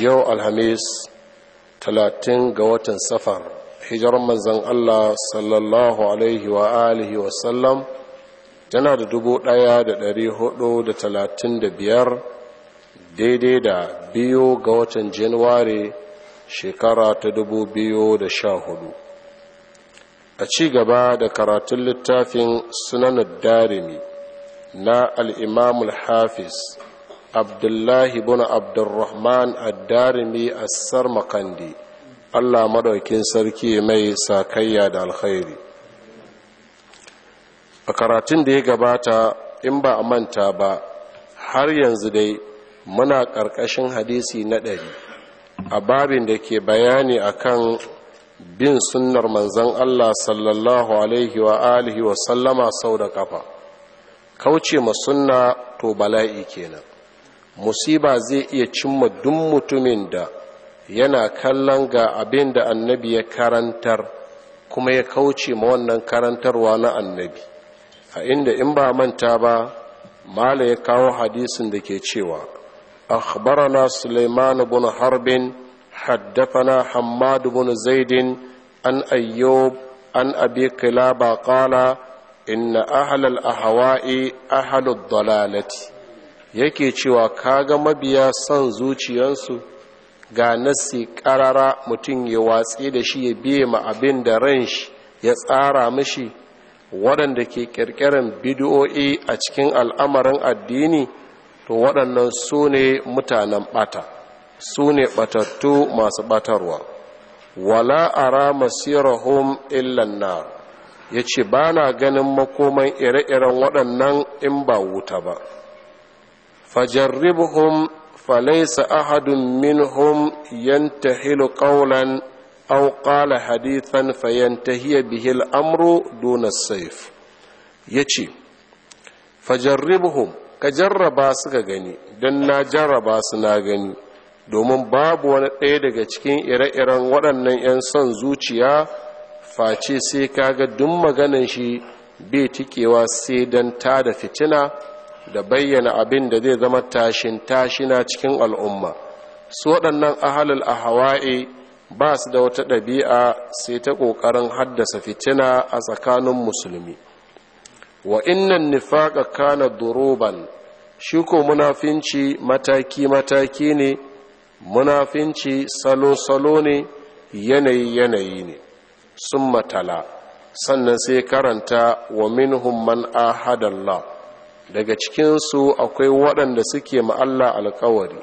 yau alhamis talatin ga watan safar hijiran manzan Allah sallallahu alaihi wa alihi wasallam tana da dubu ɗaya da dari hudu da talatin da biyar daidai da biyu ga watan januwari shekara ta dubu biyu da sha hudu a ci gaba da karatun littafin sunanar darimi na al'imamul hafiz abdullahi bin abdurrahman addarimi assar makandi allah madaukin sarki mai sakayya da alkhairi a karatun da ya gabata in ba a manta ba har yanzu dai muna ƙarƙashin hadisi na ɗari a babin da ke bayani akan bin sunnar manzan Allah sallallahu alaihi wa alihi wa sallama sau da ƙafa kauce ma sunna to bala'i kenan musiba zai iya cimma duk mutumin da yana kallon ga abin da annabi ya karantar kuma ya kauce ma wannan karantarwa na annabi a inda in ba manta ba mala ya kawo hadisin da ke cewa akhbarana suleiman bin harbin haddafana hammadu an zaidin an أيوب عن inna قلابة قال إن أهل الأهواء أهل dalalati. yake cewa ka ga mabiya son zuciyarsu ga nasi karara mutum ya watsi da shi ya biye ma abin da ran shi ya tsara mishi waɗanda ke ƙirƙirar bidiyo'i a cikin al'amarin addini to waɗannan su ne mutanen ɓata su ne ɓatattu masu ɓatarwa wala ara masirahum illan na ya ce ba ganin makoman ire-iren waɗannan in ba wuta ba fajarribuhum falaisa ahadun minhum yantahilu qawlan aw qala hadithan fayantahiya bihi al-amru duna sayf yace fajarribuhum ka jarraba su ka gani don na jarraba su na gani domin babu wani ɗaya daga cikin ire-iren waɗannan 'yan son zuciya face sai kaga duk maganan shi bai tikewa sai don ta da fitina da bayyana abin da zai zama tashin tashina cikin al'umma su waɗannan ahalul hawa'i ba su da wata ɗabi'a sai ta ƙoƙarin haddasa fitina a tsakanin musulmi wa innan nifaƙa kana duroban shi ko munafinci mataki-mataki ne munafinci salo-salo ne yanayi-yanayi ne sun matala sannan sai karanta wa minhum man ahadallah daga cikinsu akwai waɗanda suke ma'alla alkawari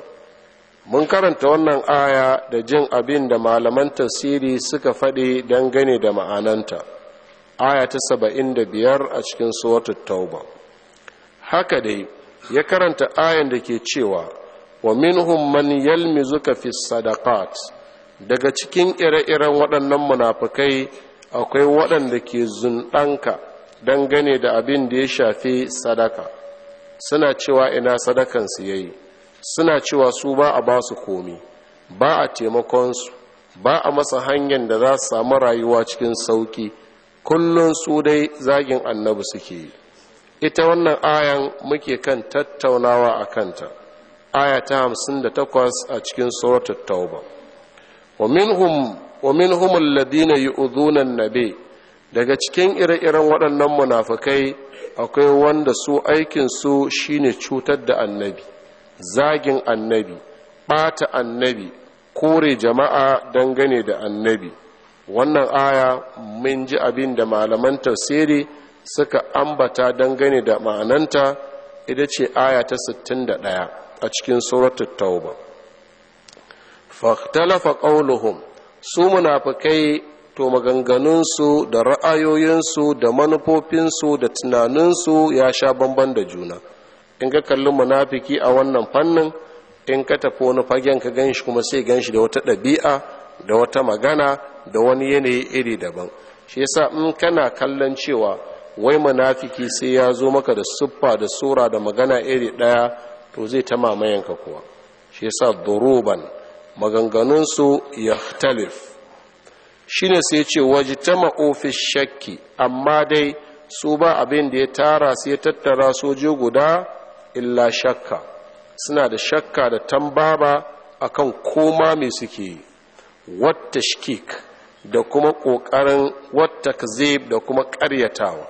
mun karanta wannan aya da jin abin da malaman tasiri suka faɗi dangane da ma'ananta aya ta saba'in da biyar a cikin suwatar tauba haka dai ya karanta ayan da ke cewa wa minhum man yalmizuka fi sadaqat daga cikin ire-iren waɗannan munafukai akwai waɗanda ke zunɗanka dangane da abin da ya shafi sadaka suna cewa ina sadakansu ya yi suna cewa su ba a ba su komi ba a taimakonsu ba a masa hanyar da za su samu rayuwa cikin sauki kullum su dai zagin annabi suke yi ita wannan ayan muke kan tattaunawa a kanta aya ta hamsin da takwas a cikin suratul tauba wa minhum alladhina yu'dhuna an-nabi daga cikin ire-iren waɗannan munafukai akwai wanda su aikinsu shine cutar da annabi zagin annabi ɓata annabi kore jama'a dangane da annabi wannan aya mun ji abin da malaman tafsiri suka ambata dangane da ma'ananta ita ce aya ta 61 a cikin suratul tauba fahtalafa qauluhum su munafukai. to maganganunsu da ra'ayoyinsu da manufofinsu da tunaninsu ya sha bamban da juna in ka kalli munafiki a wannan fannin in ka tafi wani fagen ka ganshi kuma sai ganshi da wata ɗabi'a da wata magana da wani yanayi iri daban shi yasa in kana kallon cewa wai munafiki sai ya zo maka da siffa da sura da magana iri ɗaya to zai ta mamayanka kuwa shi yasa duruban maganganunsu ya talif. shine sai ce ta ma'ofis shakki amma dai su ba abin da ya tara sai tattara soje guda illa shakka suna da shakka da tambaba akan koma mai suke yi wata shkik da kuma ƙoƙarin wata kazib da kuma ƙaryatawa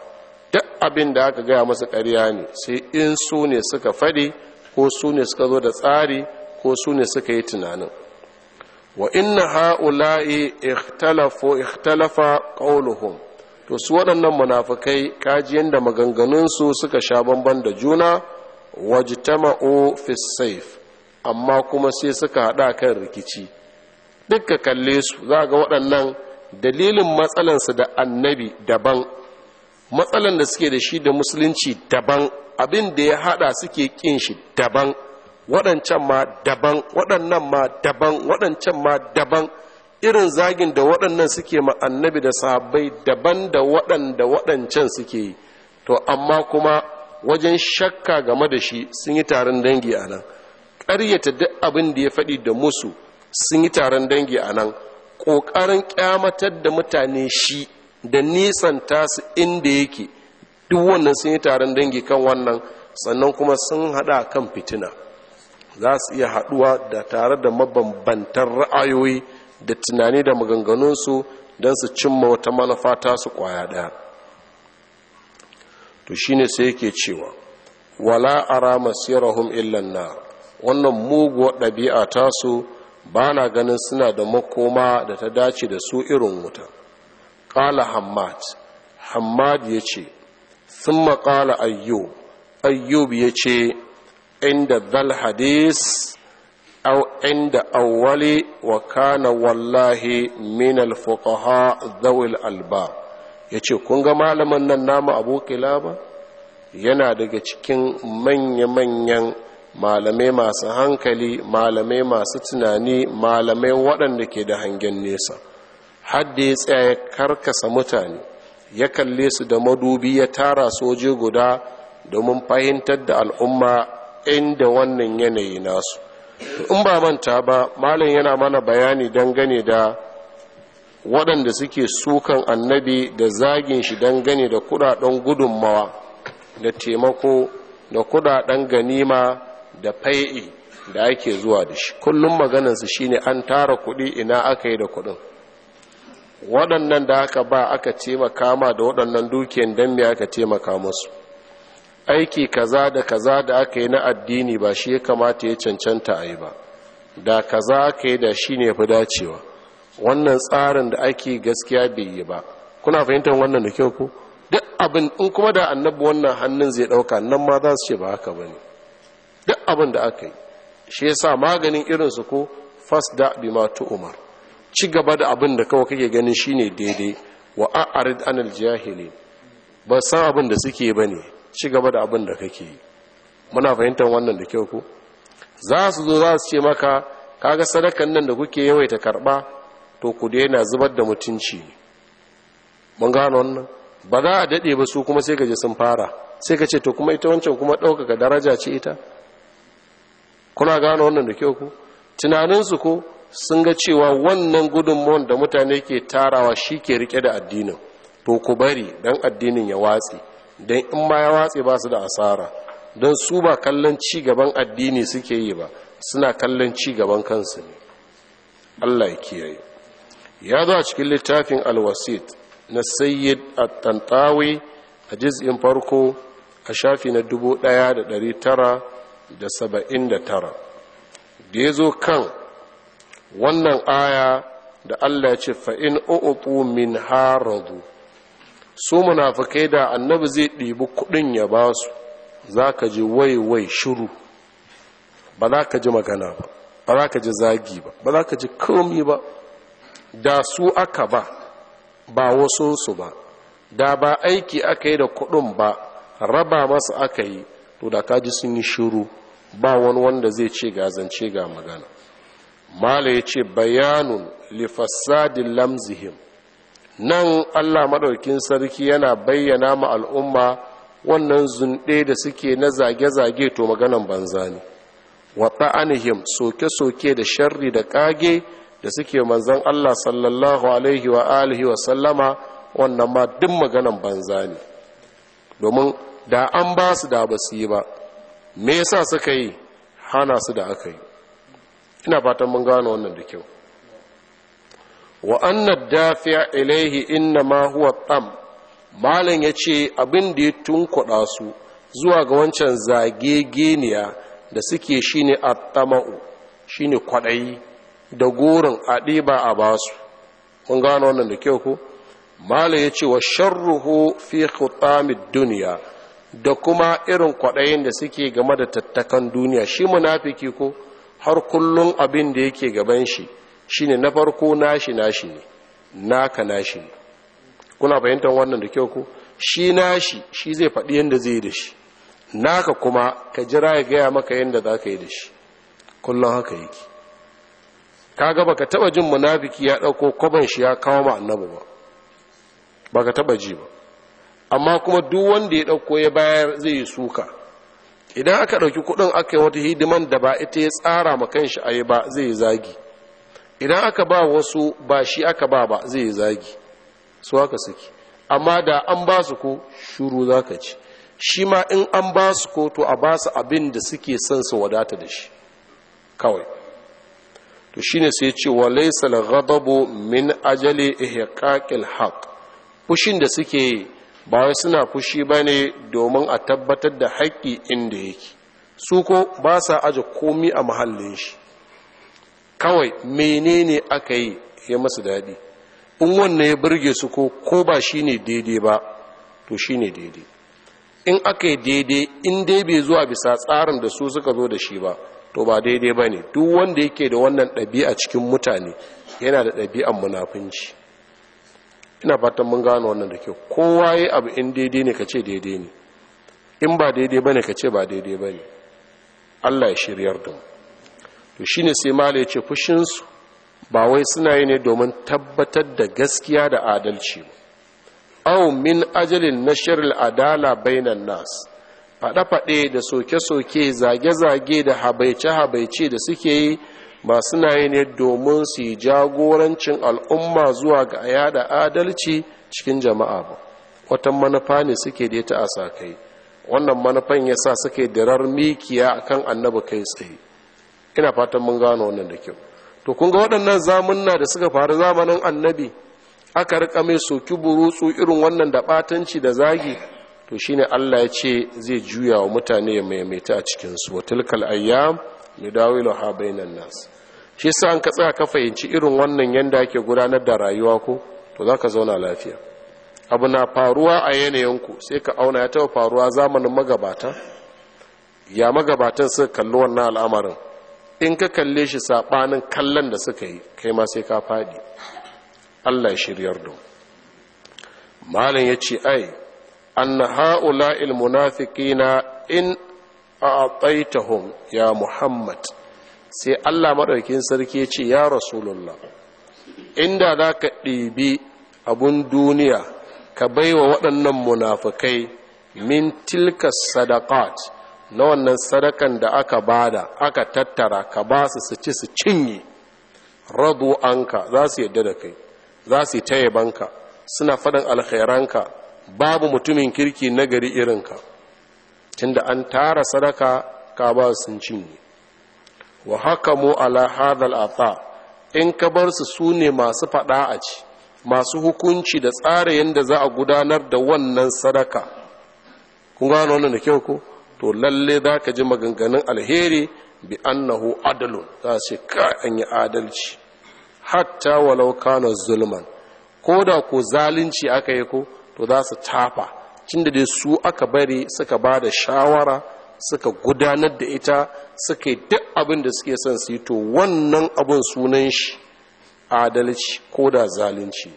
duk abin da aka gaya masa ƙarya ne sai in su ne suka faɗi ko su ne suka zo da tsari ko su ne suka yi tunanin wa inna ha'ula'i ikhtalafu ikhtalafa to su waɗannan munafukai kajiyan da maganganunsu suka sha bamban da juna wajtama'u fi saif amma kuma sai suka haɗa kan rikici dukka kalle su za ga waɗannan dalilin matsalansu da annabi daban matsalan da suke da shi da musulunci daban abin da ya haɗa suke ƙin shi daban waɗancan ma daban waɗannan ma daban waɗancan ma daban irin zagin da waɗannan suke ma annabi da sahabbai daban da waɗanda waɗancan suke yi to amma kuma wajen shakka game da shi sun yi taron dangi a nan ƙaryata duk abin da ya faɗi da musu sun yi taron dangi a nan ƙoƙarin ƙyamatar da mutane shi da nisan tasu inda yake duk wannan sun yi taron dangi kan wannan sannan kuma sun haɗa kan fitina za su iya haɗuwa da tare da mabambantan ra'ayoyi da tunani da maganganunsu don su cimma wata manufa ta su ƙwaya ɗaya to shine sai yake cewa wala ara masirahum illan na wannan muguwar ɗabi'a tasu ba na ganin suna da makoma da ta dace da su irin wuta ƙala hammad hammad ya ce sun maƙala ayyub ayyub ya ce inda dal hadis أو عند أول وكان والله من الفقهاء ذوي الألباب yace kun ga malamin nan namu abu kilaba yana daga cikin manya-manyan malamai masu hankali malamai masu tunani malamai waɗanda ke da hangen nesa hadda ya tsaya ya karkasa mutane ya kalle su da madubi ya tara soje guda domin fahimtar da al'umma inda wannan yanayi nasu in ba manta ba malam yana mana bayani dangane da waɗanda suke sukan annabi da zagin shi dangane da kudaden gudunmawa da taimako da kudaden ganima da fai'i da ake zuwa da shi kullum maganansu shine an tara kuɗi ina aka yi da kuɗin waɗannan da aka ba aka taimaka ma da waɗannan dukiyan don me aka taimaka musu aiki kaza da kaza da aka yi na addini ba shi ya kamata ya cancanta a yi ba da kaza aka yi da shi ne ya fi dacewa wannan tsarin da ake gaskiya bai yi ba kuna fahimtar wannan da kyau ku duk abin in kuma da annabu wannan hannun zai ɗauka nan ma za su ce ba haka ba ne duk abin da aka yi shi ya sa maganin irinsu ko fas da ma tu umar ci gaba da abin da kawai kake ganin shine daidai wa a'arid anil jahili ba san abin da suke ba ne ci gaba da abin da kake yi muna fahimtar wannan da kyau ku za su zo za su ce maka kaga sadakan nan da kuke yawaita karba to ku daina zubar da mutunci mun gano wannan ba za a dade ba su kuma sai ka sun fara sai ka ce to kuma ita wancan kuma ɗaukaka daraja ce ita kuna gano wannan da kyau ku tunaninsu ko sun ga cewa wannan gudunmuwan da mutane ke tarawa shi ke rike da addinin to ku bari don addinin ya watsi don in ma ya watse ba su da asara don su ba kallon ci gaban addini suke yi ba suna kallon ci gaban kansu ne Allah ya kiyaye ya zo a cikin littafin alwasit na sayyid a tantawi a juz'in farko a shafi na 1979 da ya zo kan wannan aya da Allah ya ce fa'in o'utu min haradu su munafukai da annabi zai ɗibi kuɗin ya ba su za ka ji waiwai shiru ba za ka ji magana ba ba za ka ji zagi ba ba za ka ji komi ba da su aka ba ba wasunsu ba da ba aiki aka yi da kuɗin ba raba masu aka yi to da ka ji sun yi shiru ba wani wanda zai ce ga zance ga magana mala ya ce bayanun lifasadin lamzihim nan allah maɗaukin sarki yana bayyana ma al'umma wannan zunɗe da suke na zage-zage to maganan banza ne wa ta'anihim soke-soke da sharri da ƙage da suke manzan allah sallallahu alaihi wa alihi wa sallama wannan ma duk maganan banza ne domin da an ba su da ba su yi ba me yasa suka yi hana su da aka yi ina fatan mun gano wannan da kyau wa annad dafi'a ilaihi inna ma huwa tam malam yace abin da ya tunkuɗa su zuwa ga wancan zagegeniya da suke shine atama'u shine kwaɗayi da goron a ba a basu kun gano wannan da kyau ko malam yace wa sharruhu fi khutamid duniya da kuma irin kwaɗayin da suke game da tattakan duniya shi munafiki ko har kullum abin da yake gaban shi shine na farko nashi nashi ne naka nashi ne kuna fahimtar wannan da kyau ko shi nashi shi zai faɗi yadda zai yi da shi naka kuma ka jira ya gaya maka yadda za ka yi da shi kullum haka yake ka ga baka taba jin munafiki ya ɗauko kwaban shi ya kawo ma annabi ba ka taba ji ba amma kuma duk wanda ya ɗauko ya bayar zai yi suka idan aka ɗauki kuɗin aka yi wata hidiman da ba ita ya tsara ma shi a yi ba zai yi zagi idan aka ba wasu ba shi aka ba ba zai yi zagi su haka suke amma da an ba su ko shuru za ka ci shi ma in an ba su ko to a ba su abin da suke son su wadata da shi kawai to shi ne sai ce wa laisal ghadabu min ajali ihqaqil haqq fushin da suke yi ba wai suna fushi bane domin a tabbatar da haƙƙi inda yake su ko ba sa aje komi a mahallin shi kawai menene aka yi ya masu daɗi in wannan ya burge su ko ko ba shi ne daidai ba to shi ne daidai in aka yi daidai in dai bai zuwa bisa tsarin da su suka zo da shi ba to ba daidai ba ne duk wanda yake da wannan ɗabi'a cikin mutane yana da ɗabi'an munafunci ina fatan mun gano wannan da kyau kowa ya abu in daidai ne ka ce daidai ne in ba daidai ba ne ka ce ba daidai ba ne allah ya shiryar da mu to ne sai mala ce fushin su ba wai suna yi ne domin tabbatar da gaskiya da adalci ba aw min ajalin shirin adala bainan nas faɗe-faɗe da soke-soke zage-zage da habaice-habaice da suke yi ba suna yi ne domin su yi jagorancin al'umma zuwa ga yada adalci cikin jama'a ba wata manufa ne suke da ta a kai. wannan manufan ya sa suke dirar mikiya akan annabi kai tsaye ina fatan mun gano wannan da kyau to kun ga waɗannan zamunna da suka faru zamanin annabi aka rika mai soki burutsu irin wannan da ɓatanci da zagi to shine Allah ya ce zai juya wa mutane ya maimaita a cikin su wa tilkal ayyam nudawilu ha bainan nas shi sa an ka tsaya ka fahimci irin wannan yanda ake gudanar da rayuwa ko to zaka zauna lafiya abu na faruwa a yanayinku, sai ka auna ya taɓa faruwa zamanin magabata ya magabatan suka kalli wannan al'amarin in ka kalle shi saɓanin kallon da suka yi kai ma sai ka faɗi allah shiryar da malin ya ce ai an ha'ula ilmunafikina in a ya muhammad sai allah maɗaukin sarki ya ce ya rasulullah inda za ka ɗibi abun duniya ka baiwa waɗannan munafukai min tilka sadakat na wannan sadakan da aka bada aka tattara ka ba su su ci su cinye radu anka za su yadda da kai za su ta banka suna faɗin alkhairanka babu mutumin kirki na gari irinka tunda an tara sadaka ka ba sun cinye wa haka mu ala hadal atha in ka bar su su ne masu faɗa a ci masu hukunci da tsara yadda za a gudanar da wannan sadaka kun gano wannan da kyau ko to lalle za ka ji maganganun alheri bi annahu adalun za ce ka an yi adalci hatta walau kana zulman ko da ko zalunci aka yi ko to za su tafa cin da su aka bari suka ba da shawara suka gudanar da ita suka yi duk abin da suke son su yi to wannan abin sunan shi adalci ko da zalunci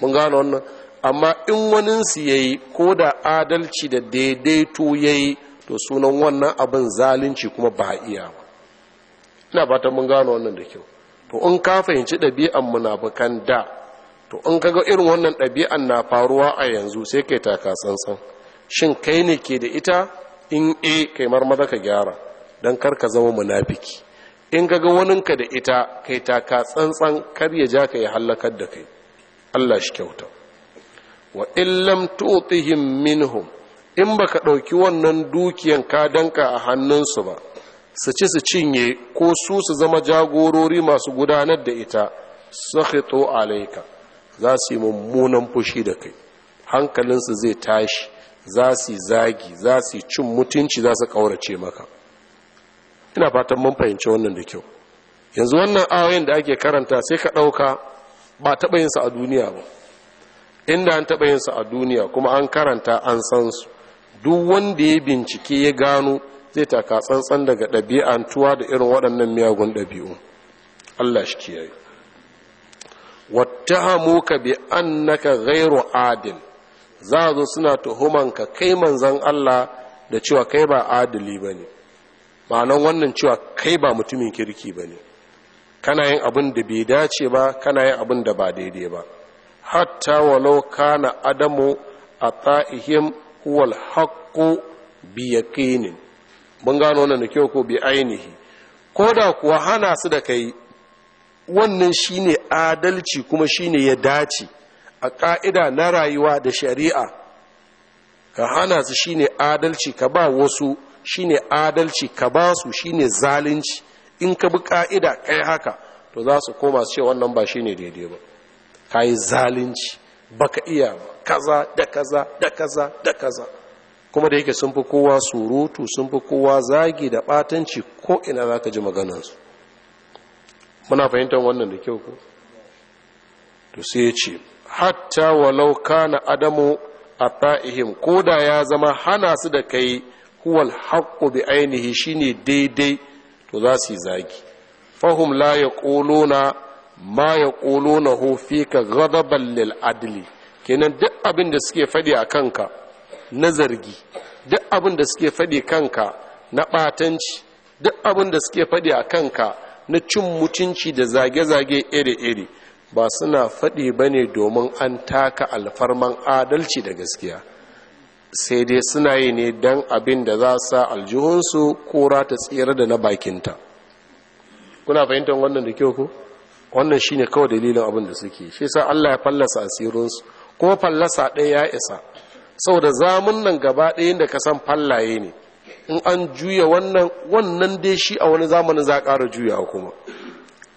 mun gano wannan amma in waninsu ya yi ko da adalci da daidaito ya yi to sunan wannan abin zalunci kuma ba iya ba ina fatan mun gano wannan da kyau to in ka fahimci ɗabi'an munafukan da to in kaga irin wannan ɗabi'an na faruwa a yanzu sai kai taka tsantsan shin kai ne ke da ita in e kai marmaza ka gyara don kar ka zama munafiki in kaga ka da ita kai taka tsantsan kar ya ja ka ya hallakar da kai Allah shi kyauta wa illam tu'tihim minhum in ba ka ɗauki wannan dukiyan ka danka a hannunsu ba su ci su cinye ko su su zama jagorori masu gudanar da ita su sakhito alaika za su yi mummunan fushi da kai hankalinsu zai tashi za su zagi za su cin mutunci za su ƙaurace maka ina fatan mun fahimci wannan da kyau yanzu wannan ayoyin da ake karanta sai ka ɗauka ba taɓa yinsa a duniya ba inda an taɓa yinsa a duniya kuma an karanta an san su duk wanda ya bincike ya gano zai taka tsantsan daga tuwa da irin waɗannan miyagun ɗabi'u Allah shi kiyaye wattahamuka bi an annaka gairo adil za zo suna tuhuman ka kai manzon Allah da cewa kai ba adili ne, ma'anan wannan cewa kai ba mutumin kirki ba ne. kana yin abin da bai dace ba kana yin abin da ba daidai ba hatta walau kana adamu a ta'ihim huwal haqqu bi yaqinin mun gano wannan da kyau ko bi ainihi ko da kuwa hana su da kai wannan shine adalci kuma shine ya dace a ka'ida na rayuwa da shari'a ka hana su shine adalci ka ba wasu shine adalci ka ba su shine zalunci in ka bi ka'ida kai haka to za su koma su ce wannan ba shine daidai ba ka yi zalunci baka iya ba kaza da kaza da kaza da kaza kuma da yake sun fi kowa surutu sun fi kowa zagi da batanci ko ina za ka ji maganansu muna fahimtar wannan da kyau ku to sai ya ce hatta walau na adamu a ta'ihim ko da ya zama hana su da kai huwal haqqu bi ainihi shine daidai to za su yi zagi fahim la na ma ya ƙolo na hofi ka gaba lil adli kenan duk abin da suke faɗi a kanka na zargi duk abin da suke faɗi kanka na batanci duk abin da suke faɗi a kanka na cin mutunci da zage-zage iri-iri ba suna faɗi ba ne domin an taka alfarman adalci da gaskiya sai dai suna yi ne don abin da za sa aljihunsu kora ta tsira da na bakinta kuna fahimtar wannan da kyau ku wannan shine kawai dalilin abin da suke shi sa Allah ya fallasa asirinsu ko fallasa ɗaya ya isa saboda zamun nan gaba ɗaya da ka san fallaye ne in an juya wannan wannan dai shi a wani zamanin za a ƙara juyawa kuma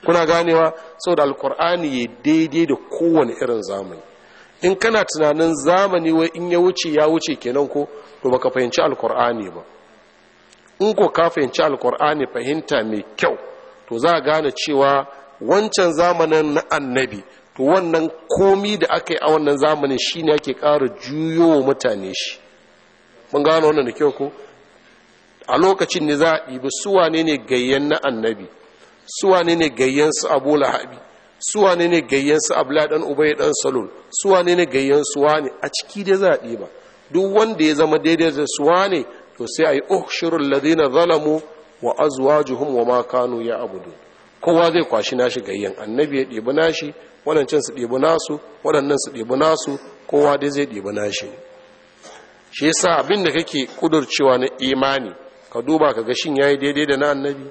kuna ganewa saboda alkur'ani ya daidai da kowane irin zamani in kana tunanin zamani wai in ya wuce ya wuce kenan ko to baka fahimci alkur'ani ba in ko ka fahimci alkur'ani fahimta mai kyau to za a gane cewa wancan zamanin na annabi to wannan komi da aka yi a wannan zamanin shine ake ƙara juyo mutane shi mun gano wannan da kyau ko a lokacin ne za a ɗibi suwa ne gayyan na annabi suwa ne gayyan su abu lahabi suwa ne gayyan su abu dan ubai dan salon suwane ne gayyan ne a ciki dai za a ɗiba duk wanda ya zama daidai da suwa ne, to sai a yi uhshirul ladina zalamu wa azwajuhum wa ma kanu ya abudu kowa zai kwashi nashi ga yin annabi ya ɗibi nashi waɗancan su ɗebi nasu waɗannan su ɗebi nasu kowa dai zai ɗebi nashi shi yasa abin da kake kudurcewa na imani ka duba ka ga shin yayi daidai da na annabi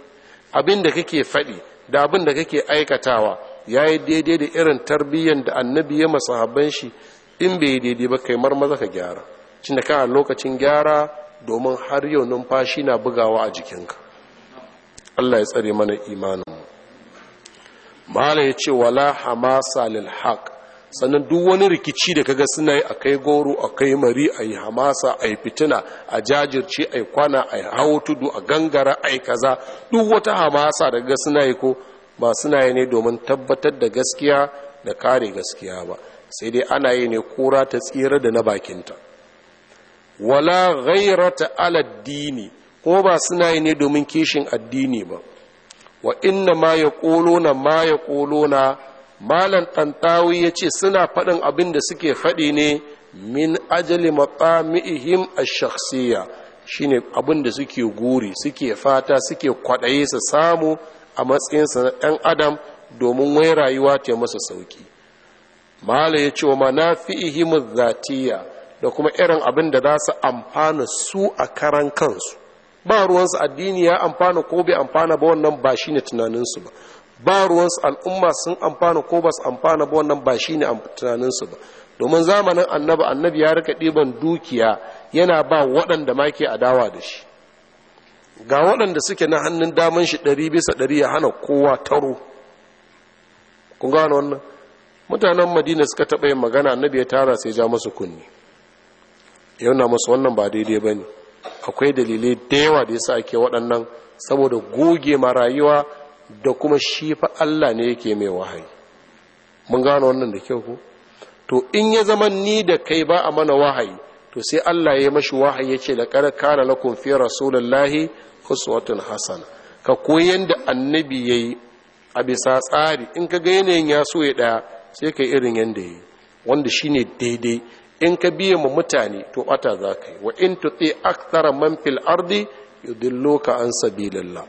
abin da kake faɗi da abin da kake aikatawa yayi daidai da irin tarbiyyar da annabi ya masahaban shi in bai yi daidai ba kai marmaza ka gyara cinda kana lokacin gyara domin har yau numfashi na bugawa a jikinka Allah ya tsare mana imanin mala ya ce wala hamasa lil haq sannan duk wani rikici da kaga suna yi a kai goro a kai mari a yi hamasa a yi fitina a jajirce a yi kwana a yi hawo tudu a gangara a yi kaza duk wata hamasa da kaga suna yi ko ba suna yi ne domin tabbatar da gaskiya da kare gaskiya ba sai dai ana yi ne kura ta tsira da na bakinta wala ghairata ala dini ko ba suna yi ne domin kishin addini ba wa inna ma ya ƙolona ma ya ƙolona malan ɗantawi ya ce suna faɗin abin da suke faɗi ne min ajali maƙami'ihim a shi shine abin da suke guri suke fata suke kwaɗaye su samu a matsayinsa na ɗan adam domin wai rayuwa ta masa sauki mala ya ce wa manafi'ihim zatiya da kuma irin abin da za su amfana su a karan kansu ba ruwansu addini ya amfana ko bai amfana ba wannan ba shine tunaninsu ba ba ruwansu al'umma sun amfana ko ba su amfana ba wannan ba shine tunaninsu ba domin zamanin annabi annabi ya rika ɗiban dukiya yana ba waɗanda ma ke adawa da shi ga waɗanda suke na hannun daman shi ɗari bisa ɗari ya hana kowa taro kun gane wannan mutanen madina suka taɓa yin magana annabi ya tara sai ja masu kunni yau na masu wannan ba daidai ba ne akwai dalilai da yawa da yasa ake waɗannan saboda goge ma rayuwa da kuma shi fa Allah ne yake mai wahayi mun gano wannan da kyau ko to in ya zama ni da kai ba a mana wahayi to sai Allah ya mashi wahayi ya ce laqad kana lakum fi rasulillahi uswatun hasana ka koyi da annabi yayi a bisa tsari in ka ga yanayin ya so ya ɗaya sai ka irin yanda yayi wanda shine daidai in ka biye mu mutane to bata za ka yi wa in tuti akthara man fil ardi ka an sabilillah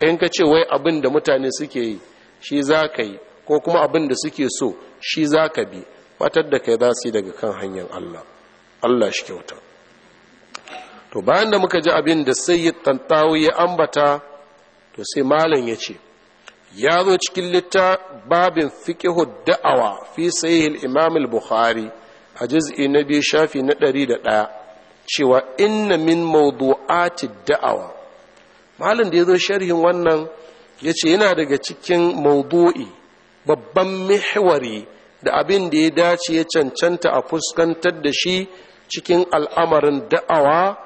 in ka ce wai abin da mutane suke yi shi za ka yi ko kuma abin da suke so shi za ka bi fatar da kai za su yi daga kan hanyar Allah Allah shi kyauta to bayan da muka ji abin da sai tantawo ya ambata to sai malam ya ce ya zo cikin litta babin fiqhu da'awa fi sahih al-imam al-bukhari a jiz'i na biyu shafi na ɗari da ɗaya cewa inna min mawdu'ati da'awa malin da ya zo sharhin wannan ya ce yana daga cikin mawdu'i babban mihwari da abin da ya dace ya cancanta a fuskantar da shi cikin al'amarin da'awa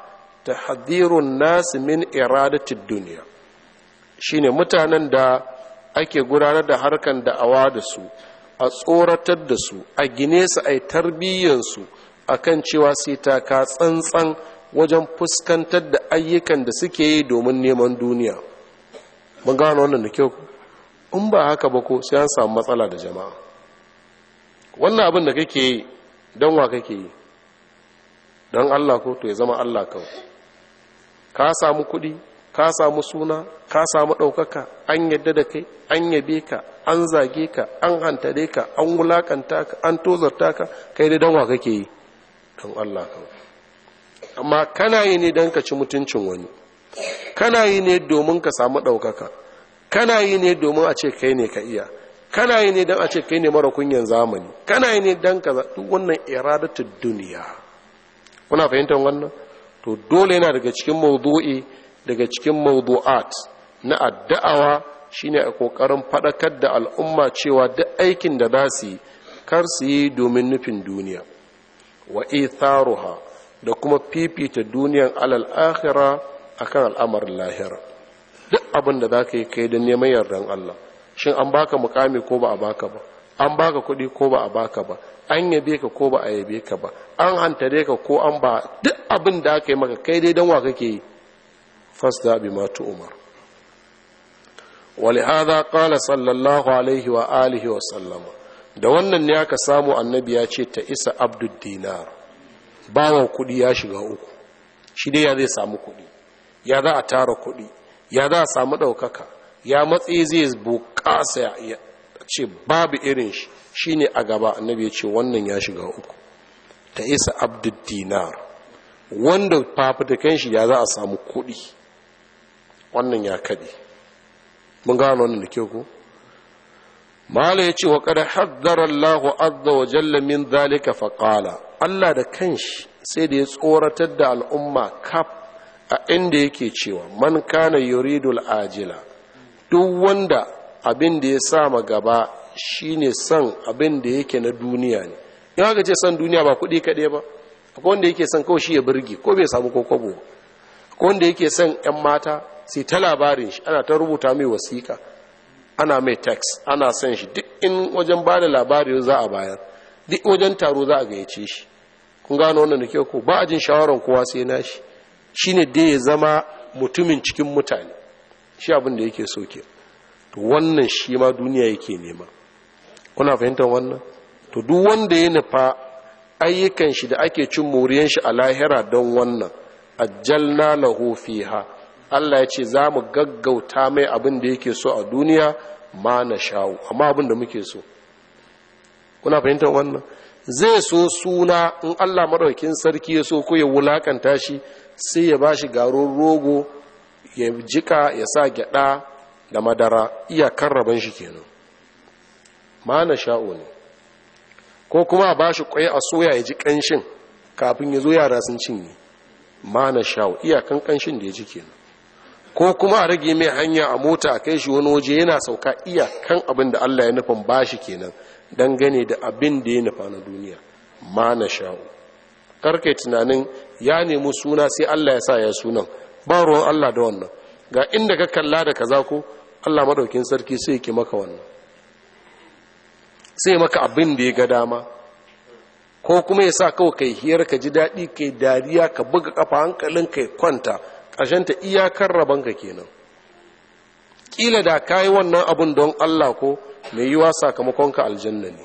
ta hadirun nasu min iradatid duniya shine mutanen da ake gudanar da harkan da'awa da su a tsoratar da su a gine su a tarbiyyansu a kan cewa sai taka tsantsan wajen fuskantar da ayyukan da suke yi domin neman duniya mun gano wannan da kyau in ba haka ba ko sai an samu matsala da jama'a wannan abin da kake yi don wa kake yi don allah ko to ya zama allah kawai ka samu kuɗi ka samu suna ka samu ɗaukaka an yadda da kai an yabe ka an zage ka an hantare ka an wulakanta ka an tozarta ka kai da danwa kake yi don Allah ka amma kana yi ne don ka ci mutuncin wani kana yi ne domin ka samu ɗaukaka kana yi ne domin a ce kai ne ka iya kana yi ne don a ce kai ne mara kunyan zamani kana yi ne don ka duk wannan iradatu duniya kuna fahimtar wannan to dole yana daga cikin mawdu'i daga cikin mawdu'at na addawa shine a kokarin fadakar da al'umma cewa duk aikin da za su yi kar su yi domin nufin duniya wa itharuha da kuma fifita duniyan alal akhira akan al'amar lahira duk abin da za ka yi kai da neman yardan Allah shin an baka mukami ko ba a baka ba an baka kuɗi ko ba a baka ba an yabe ka ko ba a yabe ka ba an hantare ka ko an ba duk abin da aka yi maka kai dai don wa kake yi fasda bima tu'mar ولهذا قال صلى الله عليه وآله وسلم da wannan ne aka samu annabi ya ce ta isa abdul dinar bawan kudi ya shiga uku shi dai ya zai samu kudi ya za a tara kudi ya za a samu ɗaukaka ya matsi zai bukasa ya ce babu irin shi ne a gaba annabi ya ce wannan ya shiga uku ta isa abdul dinar wanda fafutukan shi ya za a samu kudi wannan ya kaɗe mun gano wannan da ke ku mala ya ce wa kada haddara Allah azza wa jalla min zalika faqala Allah da kanshi sai da ya tsoratar da al'umma kaf a inda yake cewa man kana yuridul ajila duk wanda abin da ya sa ma gaba shine son abin da yake na duniya ne in haka ce son duniya ba kuɗi kaɗai ba akwai wanda yake son kawai shi ya birgi ko bai samu ko kwabo akwai wanda yake son 'yan mata sai ta labarin shi ana ta rubuta mai wasiƙa ana mai text ana san shi duk in wajen ba da labari za a bayar duk wajen taro za a gayyace shi kun gano wannan da ke ko ba a jin shawaran kowa sai na shi shine da ya zama mutumin cikin mutane shi abin da yake so ke to wannan shi ma duniya yake nema kuna fahimtar wannan to duk wanda ya nufa ayyukan shi da ake cin moriyan shi a lahira don wannan ajjalna lahu fiha Allah ya ce za mu gaggauta mai abin da yake so a duniya ma na sha'u amma abin da muke so kuna fahimtar wannan zai so suna in Allah maɗaukin sarki ya so ko ya wulakanta shi sai ya bashi garon rogo ya jika ya sa gyada da madara iyakar rabon shi kenan ma na sha'o ne ko kuma a bashi kwai a soya ya ji kanshin kafin ya zo yara sun cinye ma na sha'o iyakan kanshin da ya ji kenan ko kuma a rage mai hanya a mota a kai shi wani waje yana sauka iya kan abin da Allah ya nufin bashi kenan don gane da abin da ya nufa na duniya ma na sha'u karkai tunanin ya nemi suna sai Allah ya sa ya sunan ba ruwan Allah da wannan ga inda ka kalla da kaza ko Allah madaukin sarki sai ke maka wannan sai maka abin da ya ga dama ko kuma ya sa kawai kai hiyar ka ji daɗi kai dariya ka buga kafa hankalin kai kwanta ta iyakar ka kenan ƙila da ka wannan abin don allah ko mai yiwa sakamakonka aljanna ne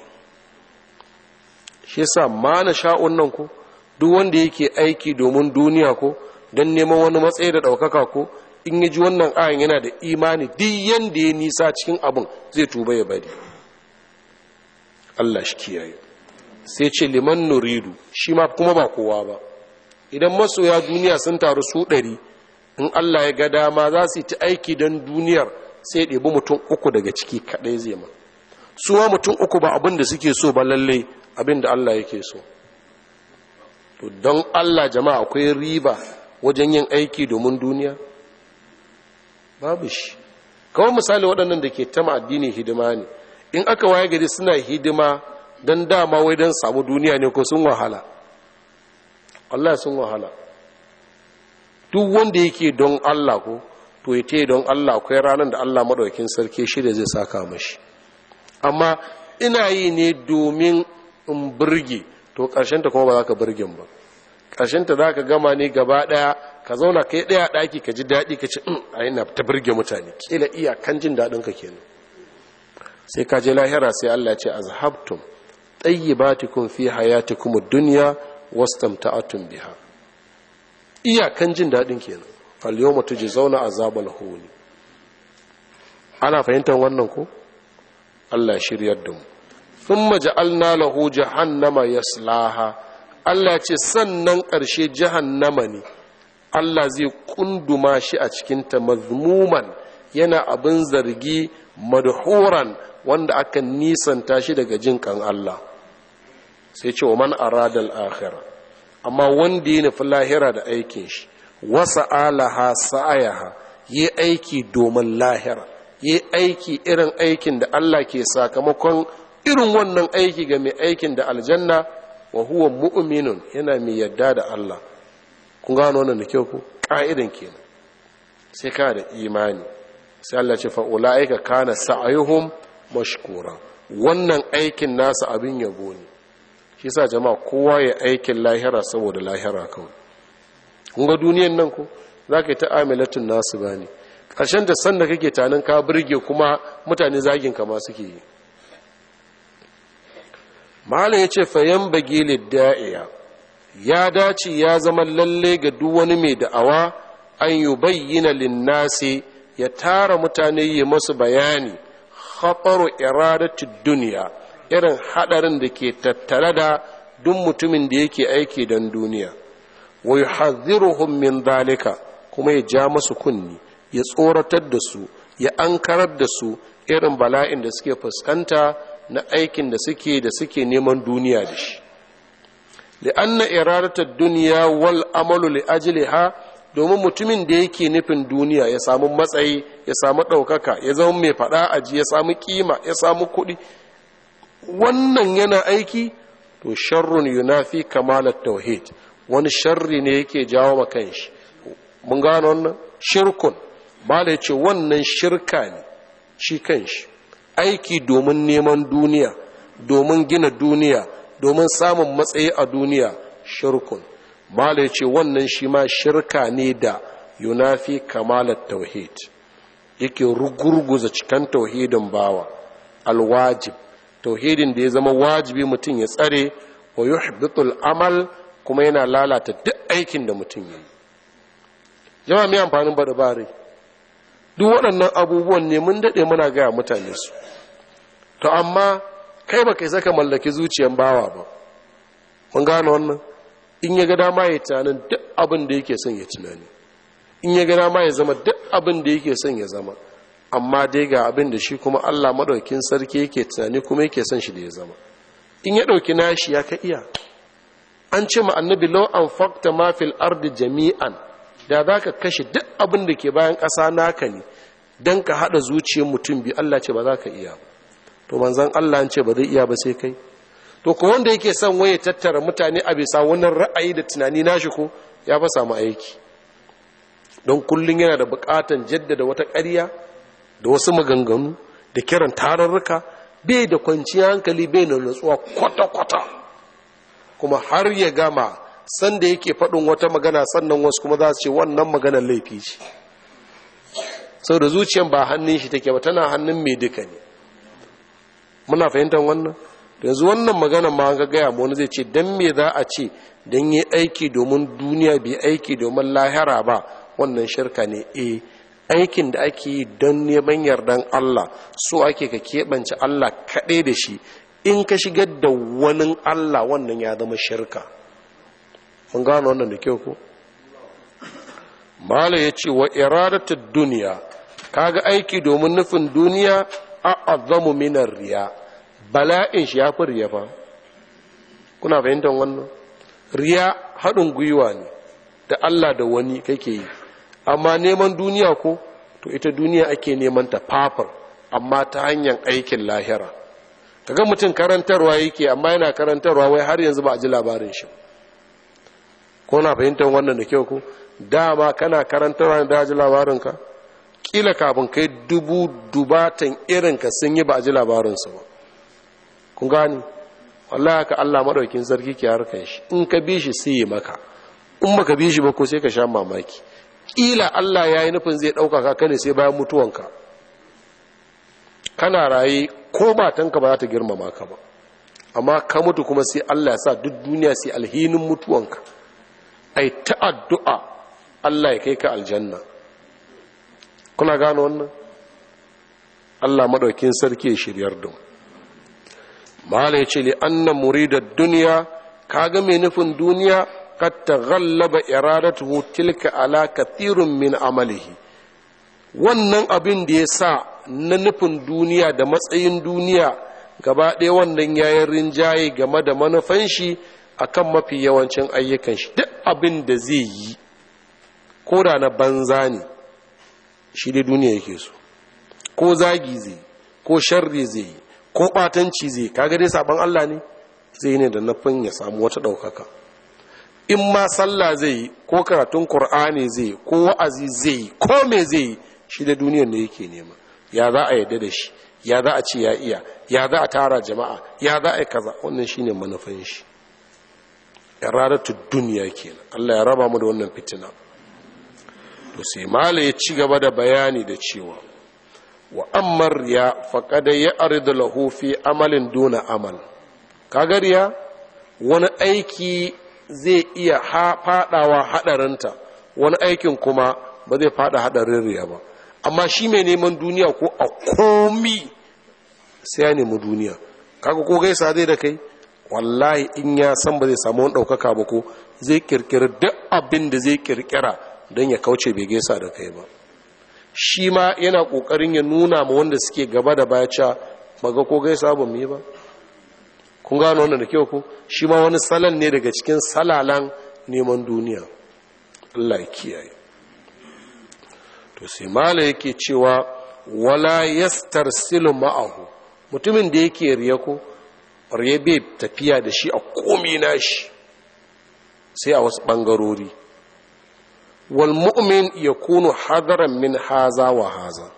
shi sa ma na sha'un nan ko duk wanda yake aiki domin duniya ko don neman wani matsayi da ɗaukaka ko in ya ji wannan ayin yana da imani duk yadda ya nisa cikin abin zai tuba ya bari Allah shi kiyaye sai ce liman nuridu shi ma kuma ba kowa ba idan masoya duniya sun taru su ɗari in Allah ya ga dama za su ta aiki don duniyar sai ɗebi mutum uku daga ciki kaɗai zai ma suwa mutum uku ba abin da suke so ba lallai abin da Allah yake so to don Allah jama'a akwai riba wajen yin aiki domin duniya babu shi kawai misali waɗannan da ke tama addini hidima ne in aka waye gari suna hidima don dama wai don samu duniya ne ko sun wahala Allah sun wahala duk wanda yake don Allah ko to ya te don Allah akwai ranar da Allah maɗaukin sarki shida zai saka mashi amma ina yi ne domin in birge to ta kuma ba za ka birgin ba ta za ka gama ne gaba ɗaya ka zauna kai ɗaya ɗaki ka ji daɗi ka ci mm, a yana ta birge mutane Kila iya kan jin daɗin ka kenan sai ka je lahira sai Allah ce azhabtum tayyibatikum fi hayatikum ad-dunya wastamta'atum biha iyakan jin daɗin kenan mutu ji zauna a zabal huni ana fahimtar wannan ko Allah shiryar da mu thumma ja'alna lahu jahannama yaslaha Allah ce sannan ƙarshe jahannama ne Allah zai kunduma shi a cikinta mazmuman yana abin zargi madhuran wanda aka nisanta shi daga jin kan Allah sai ce wa man aradal akhirah amma wanda ya nufi lahira da aikin shi wasa alaha sa'ayaha yi aiki domin lahira yi aiki irin aikin da Allah ke sakamakon irin wannan aiki ga mai aikin da aljanna wa huwa mu'minun yana mai yadda da Allah kun gano wannan da kyau ku ka'idan kenan sai ka da imani sai Allah ce fa ulaika kana sa'ayuhum mashkura wannan aikin nasa abin yabo ne yasa sa jama'a kowa ya aikin lahira saboda lahira kawai kun ga duniyan nan ko za ka yi ta amilatun nasu ba ne ƙarshen da sanda kake tanin ka birge kuma mutane zagin ka ma suke yi malam ya ce fayan bagilid da'iya ya dace ya zama lalle ga duk wani mai da'awa an yi bayyana linnasi ya tara mutane yi masu bayani khafaru iradatu duniya irin haɗarin da ke tattare da duk mutumin da yake aiki don duniya wa yuhadhdhiruhum min zalika kuma ya ja masu kunni ya tsoratar da su ya ankarar da su irin bala'in da suke fuskanta na aikin da suke da suke neman duniya da shi li'anna iradatar duniya wal amalu li ajliha domin mutumin da yake nufin duniya ya samu matsayi ya samu ɗaukaka ya zama mai faɗa aji ya samu kima ya samu kuɗi wannan yana aiki to sharrun yunafi kamalat tauhid wani sharri ne yake jawo ma kanshi mun gano wannan shirkun bala ya ce wannan shirka ne shi kanshi aiki domin neman duniya domin gina duniya domin samun matsayi a duniya shirkun bala ya ce wannan shi ma shirka ne da yunafi kamalat tauhid yake rugurguza cikan tauhidin bawa alwajib tauhidin da ya zama wajibi mutum ya tsare wa yuhbitul amal kuma yana lalata duk aikin da mutum yi jama'a mai amfanin bada duk waɗannan abubuwan ne mun daɗe muna gaya mutane su to amma kai ba kai saka mallaki zuciyar bawa ba mun gano wannan in ya ga dama ya tunanin duk abin da yake son ya tunani in ya ga dama ya zama duk abin da yake son ya zama amma dai ga abin da shi kuma Allah maɗaukin sarki yake tunani kuma yake son shi da ya zama in ya ɗauki nashi ya ka iya an ce ma annabi law an fakta ma fil ardi jami'an da za ka kashe duk abin da ke bayan ƙasa naka ne don ka haɗa zuciyar mutum biyu Allah ce ba za ka iya ba to manzan Allah an ce ba zai iya ba sai kai to ko wanda yake son waye tattara mutane a bisa wannan ra'ayi da tunani nashi ko ya fa samu aiki don kullum yana da buƙatan jaddada wata ƙarya da wasu maganganu da kiran tararruka bai da kwanciyar hankali bai da nutsuwa kwata-kwata kuma har ya gama sanda yake faɗin wata magana sannan wasu kuma za su ce wannan maganar laifi ce sau da zuciyar ba hannun shi take ba tana hannun mai duka ne muna fahimtar wannan yanzu wannan magana ma ga gaya ma wani zai ce don me za a ce don yi aiki domin duniya bai aiki domin lahira ba wannan shirka ne eh aikin da ake yi don neman yardan Allah so ake ka keɓance Allah kaɗai da shi in ka shigar da wani Allah wannan ya zama shirka mun gano wannan da kyau ko Malam ya ce wa iradatar duniya ga aiki domin nufin duniya a azamu minar riya bala'in shi ya fi riya fa kuna fahimtar wannan riya haɗin gwiwa ne da Allah da wani kake yi amma neman duniya ko to ita duniya ake neman ta fafar amma ta hanyar aikin lahira kaga mutum karantarwa yake amma yana karantarwa wai har yanzu ba a ji labarin shi ko na fahimtar wannan da kyau ko dama kana karantarwa da ji labarin ka kila kafin kai dubu dubatan irin ka sun yi ba a ji labarin su ba kun gani wallahi ka Allah madaukin sarki ke harkan shi in ka bi shi sai maka in baka bi shi ba ko sai ka sha mamaki ƙila allah ya yi nufin zai ɗaukaka ka ne sai bayan mutuwanka kana raye ko matanka ba za ta girmama ka ba amma ka mutu kuma sai allah ya sa duk duniya sai alhinin mutuwanka ai yi addu'a allah ya kai ka aljanna kuna gano wannan allah maɗaukin sarki ya shiryar da mala ya ce li annan muridar duniya kaga mai nufin duniya قد تغلب إرادته تلك على كثير من عمله wannan abin da ya sa na nufin duniya da matsayin duniya gaba ɗaya wannan yayin rinjaye game da manufan shi akan mafi yawancin ayyukan shi duk abin da zai yi ko da na banza ne shi dai duniya yake so ko zagi zai ko sharri zai yi ko ɓatanci zai kaga dai saban Allah ne zai ne da nufin ya samu wata ɗaukaka in ma sallah zai ko karatun qur'ani zai ko wa'azi zai ko me zai shi da duniyar ne yake nema ya za a yadda da shi ya za a ce ya iya ya za a tara jama'a ya za a yi kaza wannan shine manufan shi iradatu duniya kenan Allah ya raba mu da wannan fitina to sai mala ya ci gaba da bayani da cewa wa ammar ya faqada ya aridu lahu fi amalin duna amal ya, wani aiki zai iya faɗawa haɗarinta wani aikin kuma ba zai faɗa haɗarin riya ba amma shi mai neman duniya ko a komi sai ya nemi duniya kaga ko gaisa zai da kai wallahi in ya san ba zai samu wani ɗaukaka ba ko zai kirkiri duk abin da zai kirkira don ya kauce bai gaisa da kai ba shi ma yana ƙoƙarin ya nuna ma wanda suke gaba da baya ca ba ga ko gaisa ba mu yi ba kun gano wannan da kyau ku shi ma wani salon ne daga cikin salalan neman duniya Allah ya kiyaye to sai mala yake cewa wala yastarsilu ma'ahu mutumin da yake riya ku. riya bai tafiya da shi a komi nashi sai a wasu bangarori wal mu'min kunu hadaran min haza wa haza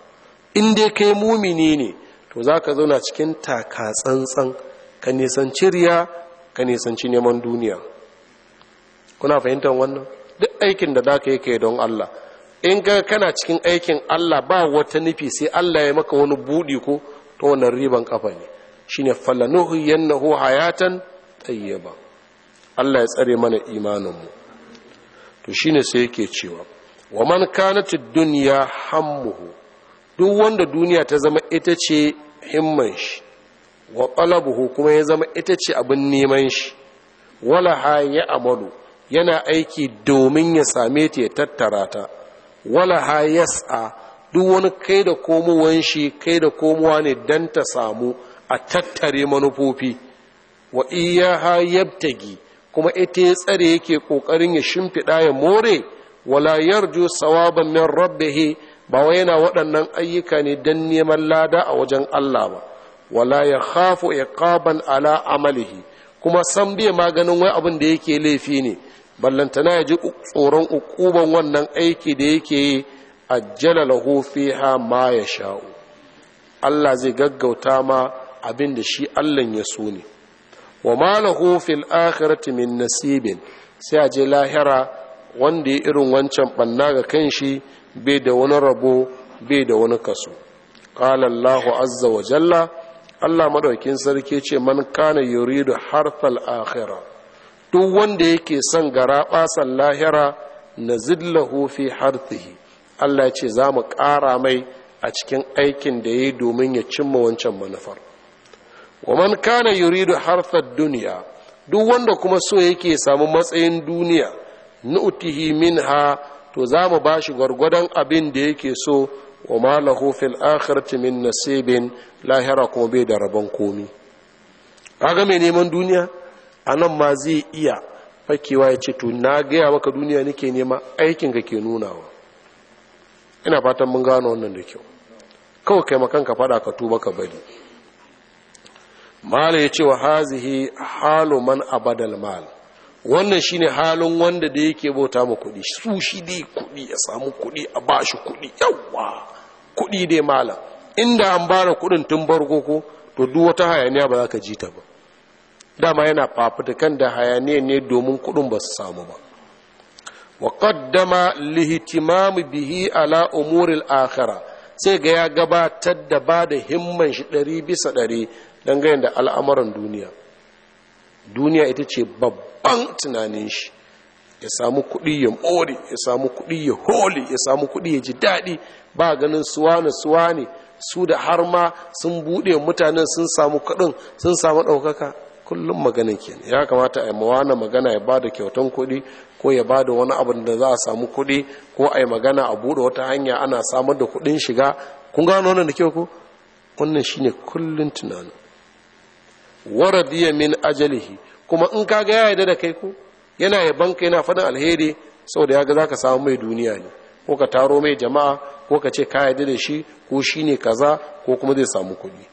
in dai kai mumini ne to zaka zauna cikin taka tsantsan ka nisanci riya ka nisanci neman duniya kuna fahimtar wannan duk aikin da za ka yi kai don Allah in ga kana cikin aikin Allah ba wata nufi sai Allah ya maka wani buɗi ko ta wannan riban kafa ne shine fallanuhu yannahu hayatan tayyiba Allah ya tsare mana imaninmu to shine sai yake cewa wa man kanat ad-dunya hammuhu duk wanda duniya ta zama ita ce himman shi wa talabuhu kuma ya zama ita ce abin neman shi wala ha ya amalu yana aiki domin ya same ta ya tattara ta wala ha yas'a duk wani kai da komowan shi kai da komowa ne don ta samu a tattare manufofi wa iya ha yabtagi kuma ita ya tsare yake kokarin ya shimfiɗa ya more wala yarju sawaban min rabbih ba wai yana waɗannan ayyuka ne don neman lada a wajen Allah ba wala ya khafu iqaban ala amalihi kuma san bai maganin wai abin da yake laifi ne ballantana ya ji tsoron ukuban wannan aiki da yake yi ajjala lahu fiha ma ya sha'u Allah zai gaggauta ma abin da shi Allah ya so ne wa ma lahu fil akhirati min nasibin sai a je lahira wanda ya irin wancan banna ga kanshi bai da wani rabo bai da wani kaso qala Allahu azza wa jalla Allah madaukin sarki ce man kana yuridu harfal akhira duk wanda yake son gara basan lahira na zillahu fi harthihi Allah ya ce za mu ƙara mai a cikin aikin da ya yi domin ya cimma wancan manufar wa man kana yuridu harfar duniya duk wanda kuma so yake samu matsayin duniya nu'tihi minha to za mu ba shi gwargwadon abin da yake so wa ma lahu fil akhirati min nasibin lahira kuma bai da rabon komi kaga mai neman duniya a nan ma zai iya fakewa ya ce to na gaya maka duniya nake nema aikin ka ke nunawa ina fatan mun gano wannan da kyau kawai kai makan ka fada ka tuba ka bari mala ya ce wa hazihi halu man abadal mal wannan shine halin wanda da yake bauta ma kuɗi su shi dai kuɗi ya samu kuɗi a bashi kuɗi yawa kuɗi dai mala, inda an bara kuɗin tun bargo ko to duk wata hayaniya ba za ka ji ta ba dama yana fafutukan da hayaniya ne domin kuɗin ba su samu ba wa qaddama lihtimam bihi ala umuril akhira sai ga ya gabatar da ba da himman shi ɗari bisa ɗari dangane da al'amuran duniya duniya ita ce babban tunanin shi ya samu kuɗi ya more ya samu kuɗi ya holi, ya samu kuɗi ya ji daɗi ba ganin suwa suwane suwane su da har ma sun buɗe mutanen sun samu kuɗin sun samu ɗaukaka kullum maganin kenan ya kamata a yi mawana magana ya bada kyautan kuɗi ko ya bada wani abu da za a samu kuɗi ko a yi magana a buɗe wata hanya ana samar da kuɗin shiga kun gano wannan da kyau ko wannan shine kullun tunanin waradiya min ajalihi kuma in kaga ya yarda da kai ko yana yaban ka yana faɗin alheri saboda ya ga za ka samu mai duniya ne ko ka taro mai jama'a ko ka ce ka yarda da shi ko shi ne kaza ko kuma zai samu kuɗi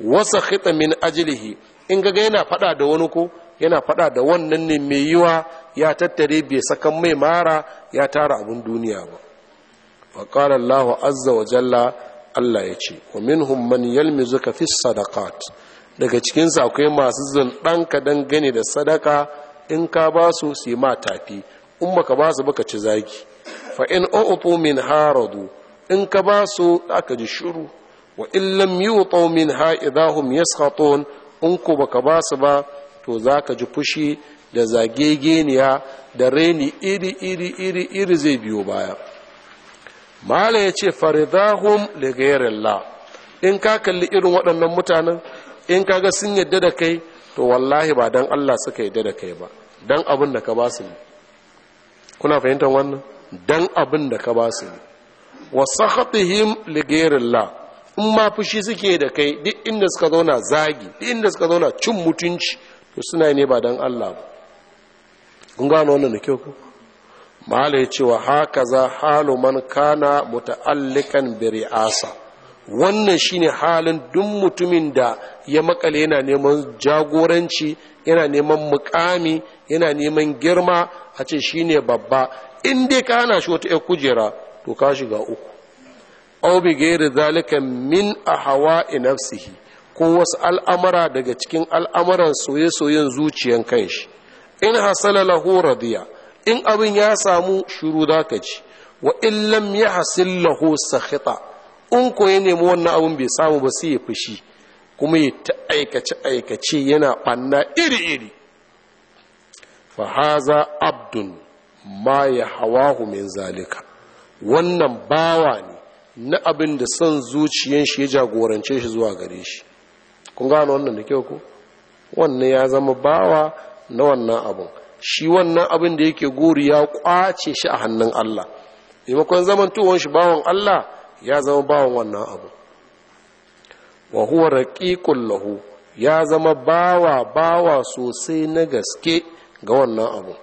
wasa khita min ajilihi in ga yana faɗa da wani ko yana faɗa da wannan ne mai yiwa ya tattare bai sakan mai mara ya tara abun duniya ba wa qala Allah azza wa jalla Allah ya ce wa minhum man yalmizuka fi sadaqat daga cikinsa akwai masu zan ɗanka dangane da sadaka in ka ba su sai ma tafi in baka ba su baka ci zaki fa in u'tu min haradu in ka ba su aka ji shiru wa in lam yu'tu min ha idahum yaskhatun in ku baka ba su ba to zaka ji fushi da zagegeniya da reni iri iri iri iri zai biyo baya mala ya ce faridahum li ghairillah in ka kalli irin waɗannan mutanen in kaga sun yadda da kai to wallahi ba dan Allah suka yadda da kai ba don abin da ka ba su ne kuna fahimtar wannan don abin da ka ba su ne wasu haɗihim la in ma fushi suke da kai duk inda suka zauna zagi duk inda suka zauna cin mutunci to suna ne ba don allah ba kun gano wannan da kyau ku mahala ya ce wa haka za halu man kana muta'allikan bi ri'asa wannan shine halin duk mutumin da ya makale yana neman jagoranci yana neman mukami yana neman girma a ce shine babba in dai ka hana shi wata ‘yar kujera to ka shiga uku au bi gairi zalika min a hawa nafsihi ko wasu al'amara daga cikin al'amaran soye-soyen zuciyan shi. in hasala lahu radiya in abin ya samu shiru za ci wa in lam ya hasil lahu sakhita in ko ya nemi wannan abun bai samu ba sai ya fushi kuma ya ta aikace aikace yana ɓanna iri iri Fahaza abdun ma ya hawahu min zalika wannan bawa ne na abin da son zuciyan shi ya jagorance shi zuwa gare shi kun gano wannan da kyau ko wannan ya zama bawa na wannan abin shi wannan abin da yake gori ya kwace shi a hannun Allah maimakon zamantowar shi bawan Allah ya zama bawan wannan abu wa huwa raqiqul lahu ya zama bawa bawa sosai na gaske ga wannan abu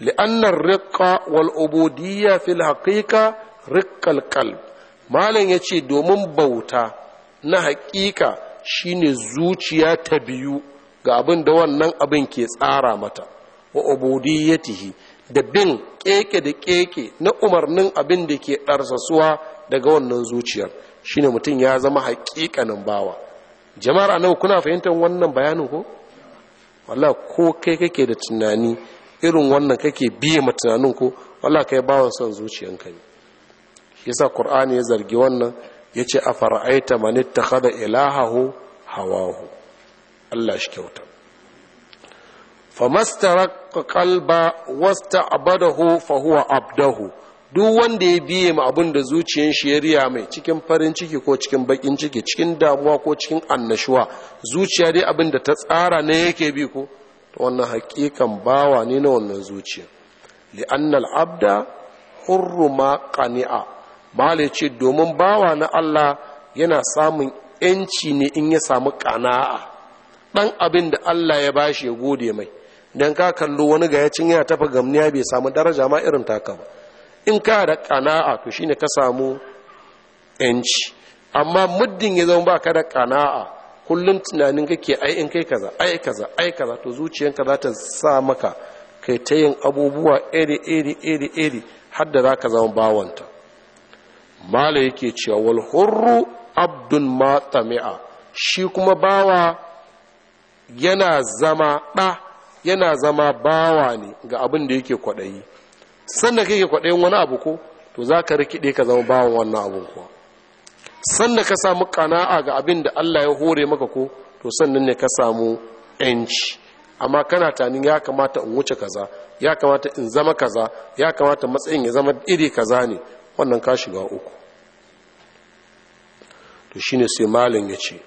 li'annar riqqa wal ubudiyya fil haqiqa riqqal qalb malam yace domin bauta na haƙiƙa shine zuciya ta biyu ga abin da wannan abin ke tsara mata wa ubudiyyatihi da bin keke da keke na umarnin abin da ke ɗarsasuwa daga wannan zuciyar shine mutum ya zama haƙiƙanin bawa jama'ar nawa kuna fahimtar wannan bayanin ko ko kai kake da tunani irin wannan kake biye ma tunanin ko wala kai bawan son zuciyanka ne shi yasa qur'ani ya zargi wannan yace afara'aita man ittakhadha ilahahu hawahu Allah shi kyauta famastaraqa qalba wasta'badahu fa huwa abdahu duk wanda ya biye ma abin da zuciyar shi ya riya mai cikin farin ciki ko cikin bakin ciki cikin damuwa ko cikin annashuwa zuciya dai abin da ta tsara ne yake bi ko wannan hakikan bawa ne na wannan zuciya li'annal abda hurru ma qani'a mala ce domin bawa na Allah yana samun yanci ne in ya samu ƙana'a Ɗan abin da Allah ya bashi ya gode mai dan ka kallo wani ga ya cinya tafa gamniya bai samu daraja ma irin taka ba in ka da ƙana'a to shine ka samu yanci amma muddin ya zama ba ka da ƙana'a kullum tunanin kake ai in kai kaza ai kaza ai kaza to zuciyanka za ta sa maka kai ta yin abubuwa iri iri iri iri har da za ka zama bawanta mala yake cewa wal hurru abdun ma shi kuma bawa yana zama ɗa yana zama bawa ne ga abin da yake kwaɗayi sanda kake kwaɗayin wani abu ko to za ka rikide ka zama bawan wannan abun kuwa sanda ka samu kana'a ga abin da Allah ya hore maka ko to sannan ne ka samu yanci amma kana tani ya kamata in wuce kaza ya kamata in zama kaza ya kamata matsayin ya zama iri kaza ne wannan ka shiga uku to shine sai malin ya ce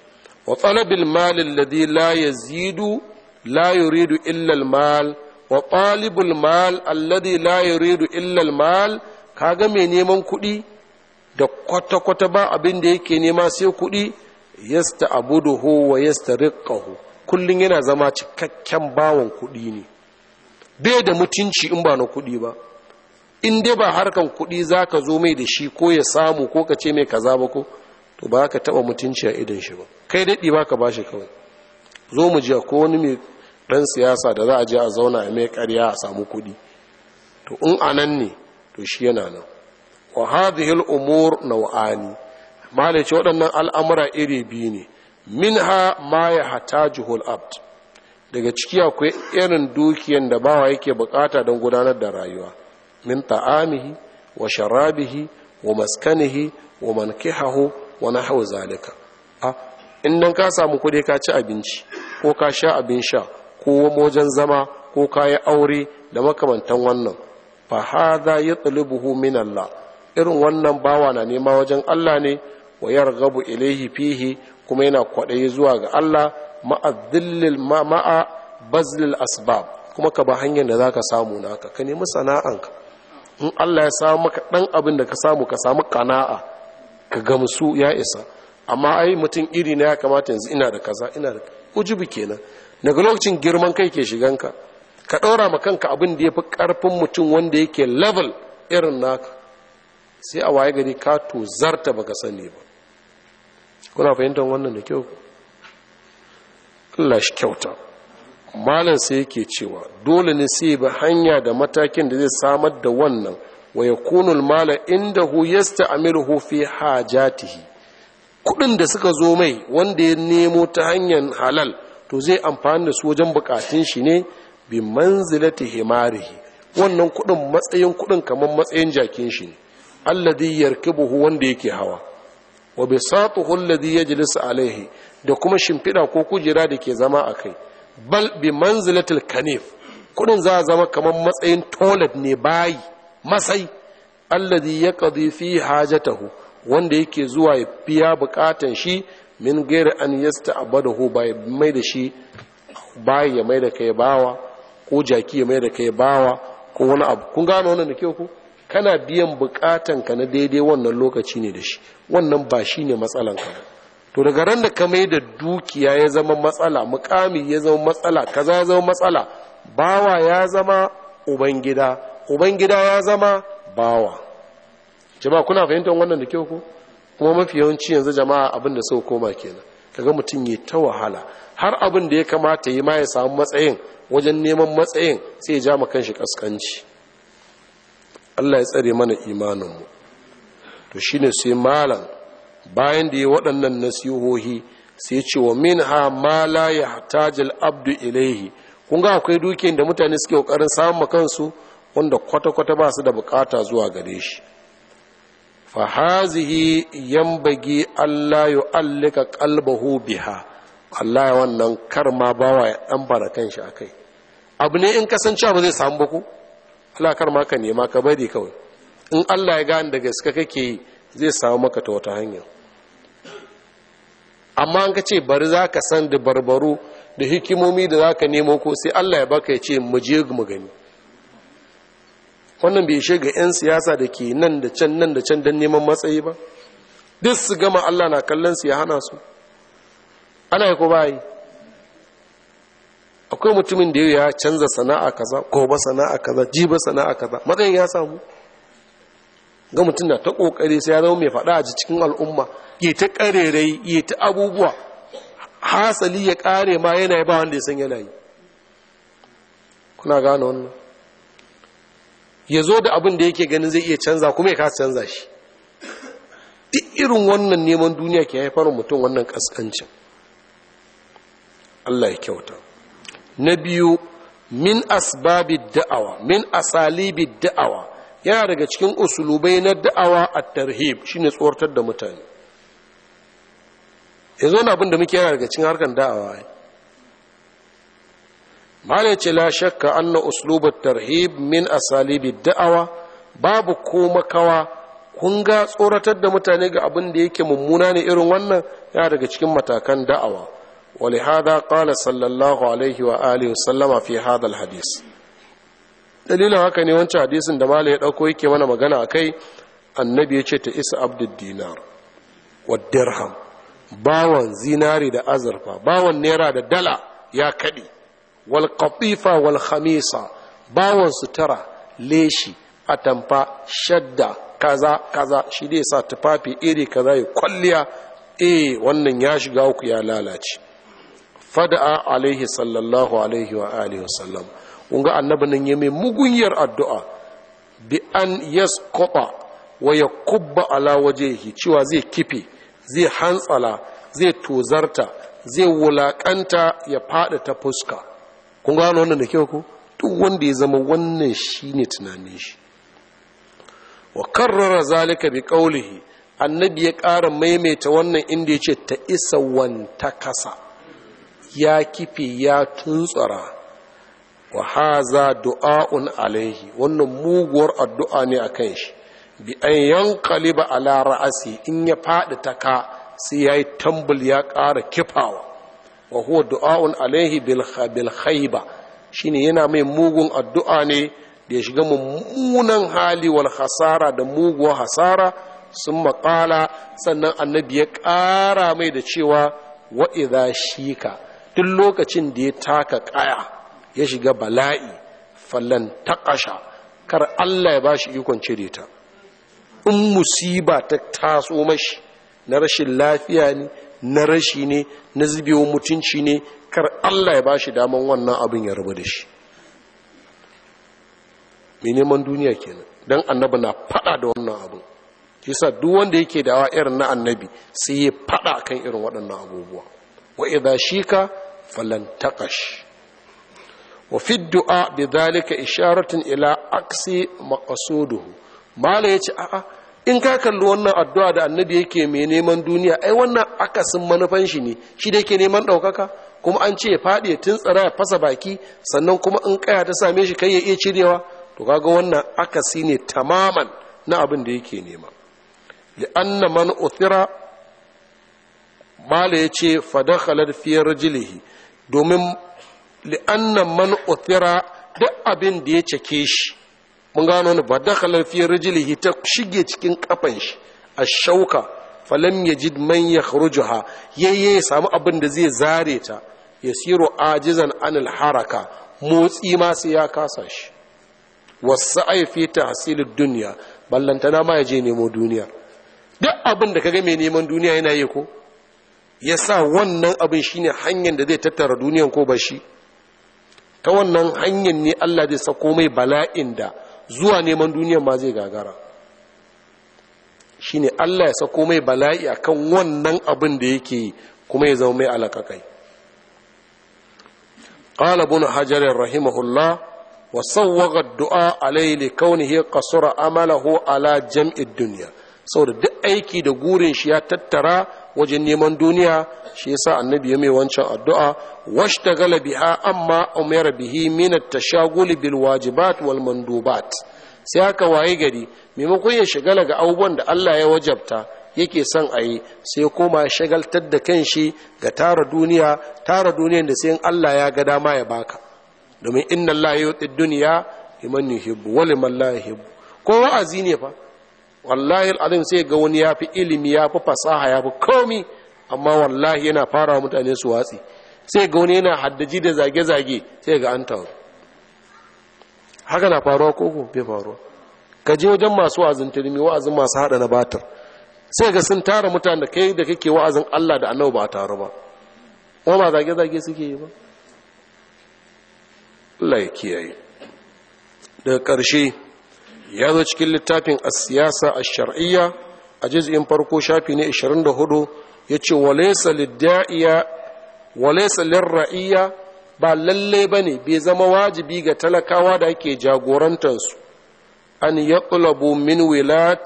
wa talabil malin alladhi la yazidu la yuridu illa al mal wa talibul mal alladhi la yuridu illa al mal kaga mai neman kuɗi da kwata-kwata ba abin da yake nema sai kuɗi yasta abuduhu wa yasta kullun yana zama cikakken bawon kuɗi ne bai da mutunci in ba na kuɗi ba in dai ba harkan kuɗi zaka zo mai da shi ko ya samu ko ka ce mai kaza ba ko to ba ka taɓa mutunci a idan shi ba kai daɗi ba ka ba shi kawai zo mu ji ko wani mai ɗan siyasa da za a je a zauna a mai ƙarya a samu kuɗi to in a ne to shi yana nan wa hadhihi umur naw'ani malaci ce waɗannan al'amura iri biyu ne minha ma ya al abd daga ciki akwai irin dukiyan da bawa yake bukata don gudanar da rayuwa min ta'amihi wa sharabihi wa maskanihi wa mankihahu wa nahwu zalika a in ka samu kuɗi ka ci abinci ko ka sha abin sha ko wajen zama ko kayi aure da makamantan wannan fa hadha yatlubuhu min Allah irin wannan bawa na nema wajen Allah ne wa yarghabu ilayhi fihi kuma yana kwaɗayi zuwa ga Allah ma'adillil ma'a bazlil asbab kuma ka ba hanyar da zaka samu naka ka nemi sana'anka in Allah ya samu maka dan abin da ka samu ka samu kana'a ka gamsu ya isa amma ai mutum iri na ya kamata yanzu ina da kaza ina da ujubi kenan daga lokacin girman kai ke shiganka ka ɗora ma kanka abin da ya fi ƙarfin mutum wanda yake level irin naka sai a waye gari ka tozarta baka sani ba kuna fahimtar wannan da kyau Allah kyauta malam sai yake cewa dole ne sai ba hanya da matakin da zai samar da wannan wa ya inda mala indahu yasta'miluhu fi hajatihi kudin da suka zo mai wanda ya nemo ta hanyar halal to zai amfani da su wajen bukatun shi ne bi manzilati himarihi wannan kudin matsayin kudin kamar matsayin jakin shi ne alladhi yarkibuhu wanda yake hawa wa satuhu alladhi yajlisu alaihi da kuma shimfida ko kujera da ke zama a kai bal bi manzilatil kanif kudin za zama kamar matsayin toilet ne bayi masai alladhi yaqdi fi hajatahu wanda yake zuwa ya biya bukatan shi min gairi an yasta abadahu ba mai da shi Ba ya mai da kai bawa ko jaki ya mai da kai bawa ko wani abu kun gano wannan da ke ku kana biyan bukatan ka na daidai wannan lokaci ne da shi wannan ba shi ne matsalan ka to daga ran da ka mai da dukiya ya zama matsala mukami ya zama matsala kaza ya zama matsala bawa ya zama ubangida ubangida ya zama bawa jama'a kuna fahimtar wannan da ke ku kuma mafi yawanci yanzu jama'a abin da sau koma kenan kaga mutum ya ta wahala har abin da ya kamata yi ma ya samu matsayin wajen neman matsayin sai ya ja ma kanshi kaskanci Allah ya tsare mana imaninmu to shine sai malam bayan da ya waɗannan nasihohi sai ce wa min ha ma la yahtajil abdu ilaihi kun ga akwai dukiyar da mutane suke kokarin samun kansu wanda kwata-kwata ba su da bukata zuwa gare shi fa hazihi yambagi Allah allika qalbahu biha Allah wannan karma bawa ya dan bara kanshi akai abu ne in kasancewa ba zai samu ba ku Allah karma ka nema ka bari kawai in Allah ya gane da gaske kake yi zai samu maka ta wata hanya amma an ka ce bari za ka san da barbaru da hikimomi da za ka nemo ko sai Allah ya baka ya ce mu je mu gani wannan bai ishe ga 'yan siyasa da ke nan da can nan da can don neman matsayi ba duk su gama allah na kallon su ya hana su ana yi ko bayi akwai mutumin da ya canza sana'a kaza gobe sana'a kaza jiba sana'a kaza matsayin ya samu ga mutum na ta kokari sai ya zama mai faɗa a cikin al'umma ya ta karerai ya ta abubuwa hasali ya ƙare ma yana ba wanda ya san yana yi kuna gane wannan ya zo da abin da yake ganin zai iya canza kuma ya kasa canza shi duk irin wannan neman duniya ke haifar mutum wannan kaskancin Allah ya kyauta na biyu min asbabi da'awa min asalibi da'awa yana daga cikin usulubai na da'awa a tarhib shine tsortar da mutane yanzu wani abin da muke yana daga cikin harkar da'awa mala ce la shakka anna uslubat tarhib min asalibi da'awa babu ko makawa kunga tsoratar da mutane ga abin da yake mummuna ne irin wannan ya daga cikin matakan da'awa ولهذا kala صلى الله عليه وآله sallama fi هذا الحديث dalilin haka ne wancan hadisin da malai ya dauko yake mana magana akai annabi ya ce ta isa abdul dinar wa dirham bawan zinari da azurfa bawan naira da dala ya kadi wal qatifa wal khamisa bawon tara, leshi atamfa shadda kaza kaza shi dai sa tufafi iri kaza ya kwalliya eh wannan ya shiga uku ya lalace fada'a alaihi sallallahu alaihi wa alihi wasallam kun ga annabi nan mai mugunyar addu'a bi an yasqata wa yakubba ala wajhihi cewa zai kife zai hantsala zai tozarta zai wulakanta ya fada ta fuska kun gano wannan da kyau ku duk wanda ya zama wannan shine tunanin shi wa karrara zalika bi kaulihi annabi ya ƙara maimaita wannan inda ya ce ta isa wanta kasa ya kife ya tuntsara wa haza du'a'un alaihi wannan muguwar addu'a ne a kan shi bi an yankali ba ala ra'asi in ya faɗi ta ka sai ya yi tambul ya ƙara kifawa wa huwa du'a'un alaihi bil khayba shine yana mai mugun addu'a ne da ya shiga mummunan hali wal hasara da muguwa hasara sun maƙala sannan annabi ya ƙara mai da cewa wa idza shika duk lokacin da ya taka ƙaya ya shiga bala'i fallan ƙasha, kar Allah ya bashi ikon cire ta in musiba ta taso mashi na rashin lafiya ne na rashi ne na zubewa mutunci ne kar Allah ya bashi daman wannan abin ya rabu da shi mai neman duniya kenan Don annabi na fada da wannan abin yasa duk wanda yake dawa irin na annabi sai ya fada kan irin waɗannan abubuwa wa idza shika falan taqash wa fi du'a bidhalika isharatun ila aksi maqsuduhu mala yace a'a in ka kalli wannan addu'a da annabi yake mai neman duniya ai wannan akasin manufan shi ne shi da yake neman ɗaukaka kuma an ce ya faɗi tun tsara ya fasa baki sannan kuma in kaya ta same shi kai ya iya cirewa to kaga wannan akasi ne tamaman na abin da yake nema li'anna man uthira mala yace fadakhalat fi rajlihi domin li'anna man uthira duk abin da ya cake shi mun gano ni ba dakhala rijili ta shige cikin kafan shi ashauka falam yajid man yakhrujuha yayye ya samu abin da zai zare ta ya siro ajizan anil haraka motsi ma ya kasa shi Wasu wasa'ai fi duniya, dunya ballantana ma je nemo duniya duk abin da kaga mai neman duniya yana yi ko Ya sa wannan abin shine hanyar da zai tattara duniyan ko ba shi ta wannan hanyar ne Allah zai sako mai bala'in da zuwa neman duniyan ma zai gagara shine Allah ya sako mai bala'i akan wannan abin da yake yi kuma ya zama mai alakakai قال ابن rahimahullah رحمه الله du'a الدعاء عليه لكونه قصر Ala Jam'id duniya sau saboda duk aiki da gurin shi ya tattara wajen neman duniya shi yasa annabi ya mai wancan addu'a washtagala biha amma umar bihi min at bil wajibat wal mandubat sai aka waye gari maimakon ya shagala ga abubuwan da Allah ya wajabta yake son a yi sai koma shagaltar da kanshi ga tara duniya tara duniyar da sai Allah ya ga dama ya baka domin inna Allah ya yi duniya liman yuhibbu wa liman la yuhibbu ko wa'azi ne fa wallahi al'adun sai ga wani ya fi ilimi ya fi fasaha ya fi komi amma wallahi yana fara wa mutane su watsi sai ga wani yana haddaji da zage-zage sai ga an taru haka na faruwa ko ko bai faruwa ka je wajen masu wa'azin tilimi wa'azin masu hada na batar sai ga sun tara mutane kai da kake wa'azin Allah da Annabi ba a taru ba ko ba zage-zage suke yi ba Allah ya kiyaye daga ƙarshe ya zo cikin littafin a siyasa a shariyya a juz'in farko shafi ne 24 yace ce lid-da'iya walaysa ba raiyya ba ne bai zama wajibi ga talakawa da ake jagorantar an an yaqlabu min wilat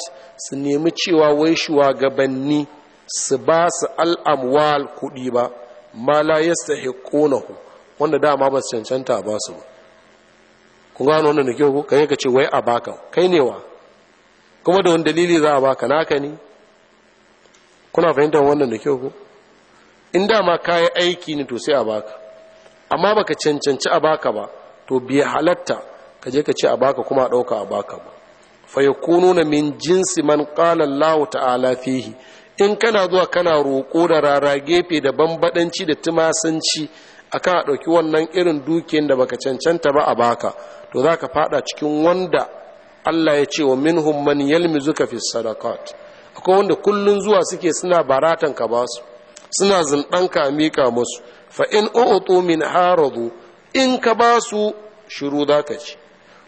su nemi cewa wai shugabanni su ba su al'amwal kuɗi ba ma la ku wanda dama ba su cancanta ba su ba kun gano wannan da kyau kan ka ce wai a baka kai ne wa kuma da wani dalili za a baka naka ne kuna fahimtar wannan da kyau ko in dama yi aiki ne to sai a baka amma baka cancanci a baka ba to biya halatta ka je ka ce a baka kuma a ɗauka a baka ba na min jinsi man qala Allah ta'ala fihi in kana zuwa kana roƙo da rara gefe da bambadanci da tumasanci a kan a ɗauki wannan irin dukiyar da baka cancanta ba a baka to za ka fada cikin wanda Allah ya ce wa minhum man yalmizuka fi sadaqat akwai wanda kullun zuwa suke suna baratan ka basu suna zindan ka mika musu fa in u'tu min haradu in ka basu shiru za ka ci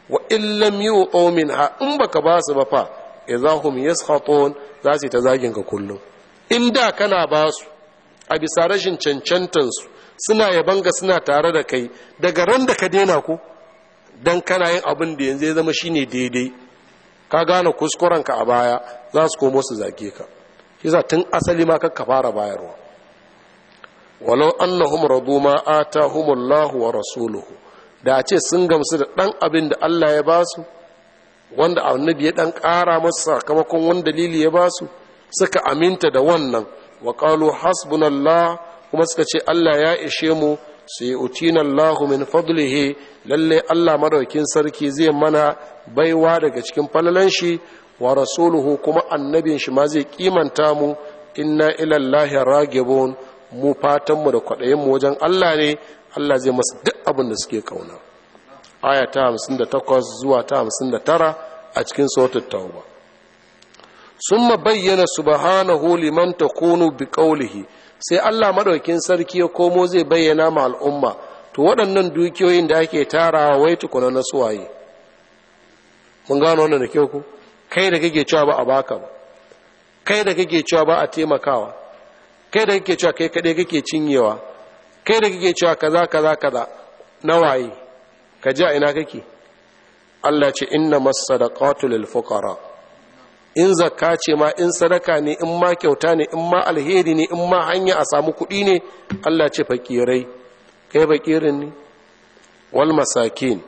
wa in lam yu'tu min ha in baka basu ba fa idahum yaskhatun za su ta zagin ka kullun in da kana basu a bisa rashin cancantansu suna yabanga suna tare da kai daga ran da ka daina ku don kana yin abin da yanzu ya zama shine daidai ka gane kuskurenka a baya za su komo su zage ka shi za tun asali ma ka fara bayarwa walau annahum radu ma atahumullahu wa rasuluhu da a ce sun gamsu da dan abin da Allah ya ba su wanda annabi ya dan kara masu sakamakon wani dalili ya ba su suka aminta da wannan wa hasbunallah kuma suka ce Allah ya ishe mu sai utina Allahu min fadlihi lalle Allah madaukin sarki zai mana baiwa daga cikin falalan shi wa rasuluhu kuma annabin shi ma zai kimanta mu inna ila Allahi ragibun mu fatan mu da kwadayin mu wajen Allah ne Allah zai masu duk abin da suke kauna aya ta 58 zuwa ta 59 a cikin suratul tauba summa bayyana subhanahu liman takunu biqaulihi sai Allah maɗaukin sarki ya komo zai bayyana ma al'umma to waɗannan dukiyoyin da ake tarawa wai tukuna na suwaye mun gano wannan da kyau ku kai da kake cewa ba a baka ba kai da kake cewa ba a taimakawa kai da kake cewa kai kaɗai kake cinyewa kai da kake cewa kaza kaza kaza na waye ka ji a ina kake Allah ce inna masadaqatu lil fuqara in zakka ce ma in sadaka ne in ma kyauta ne in ma alheri ne in ma hanya a samu kuɗi ne Allah ce fakirai kai fakirin ne wal masakin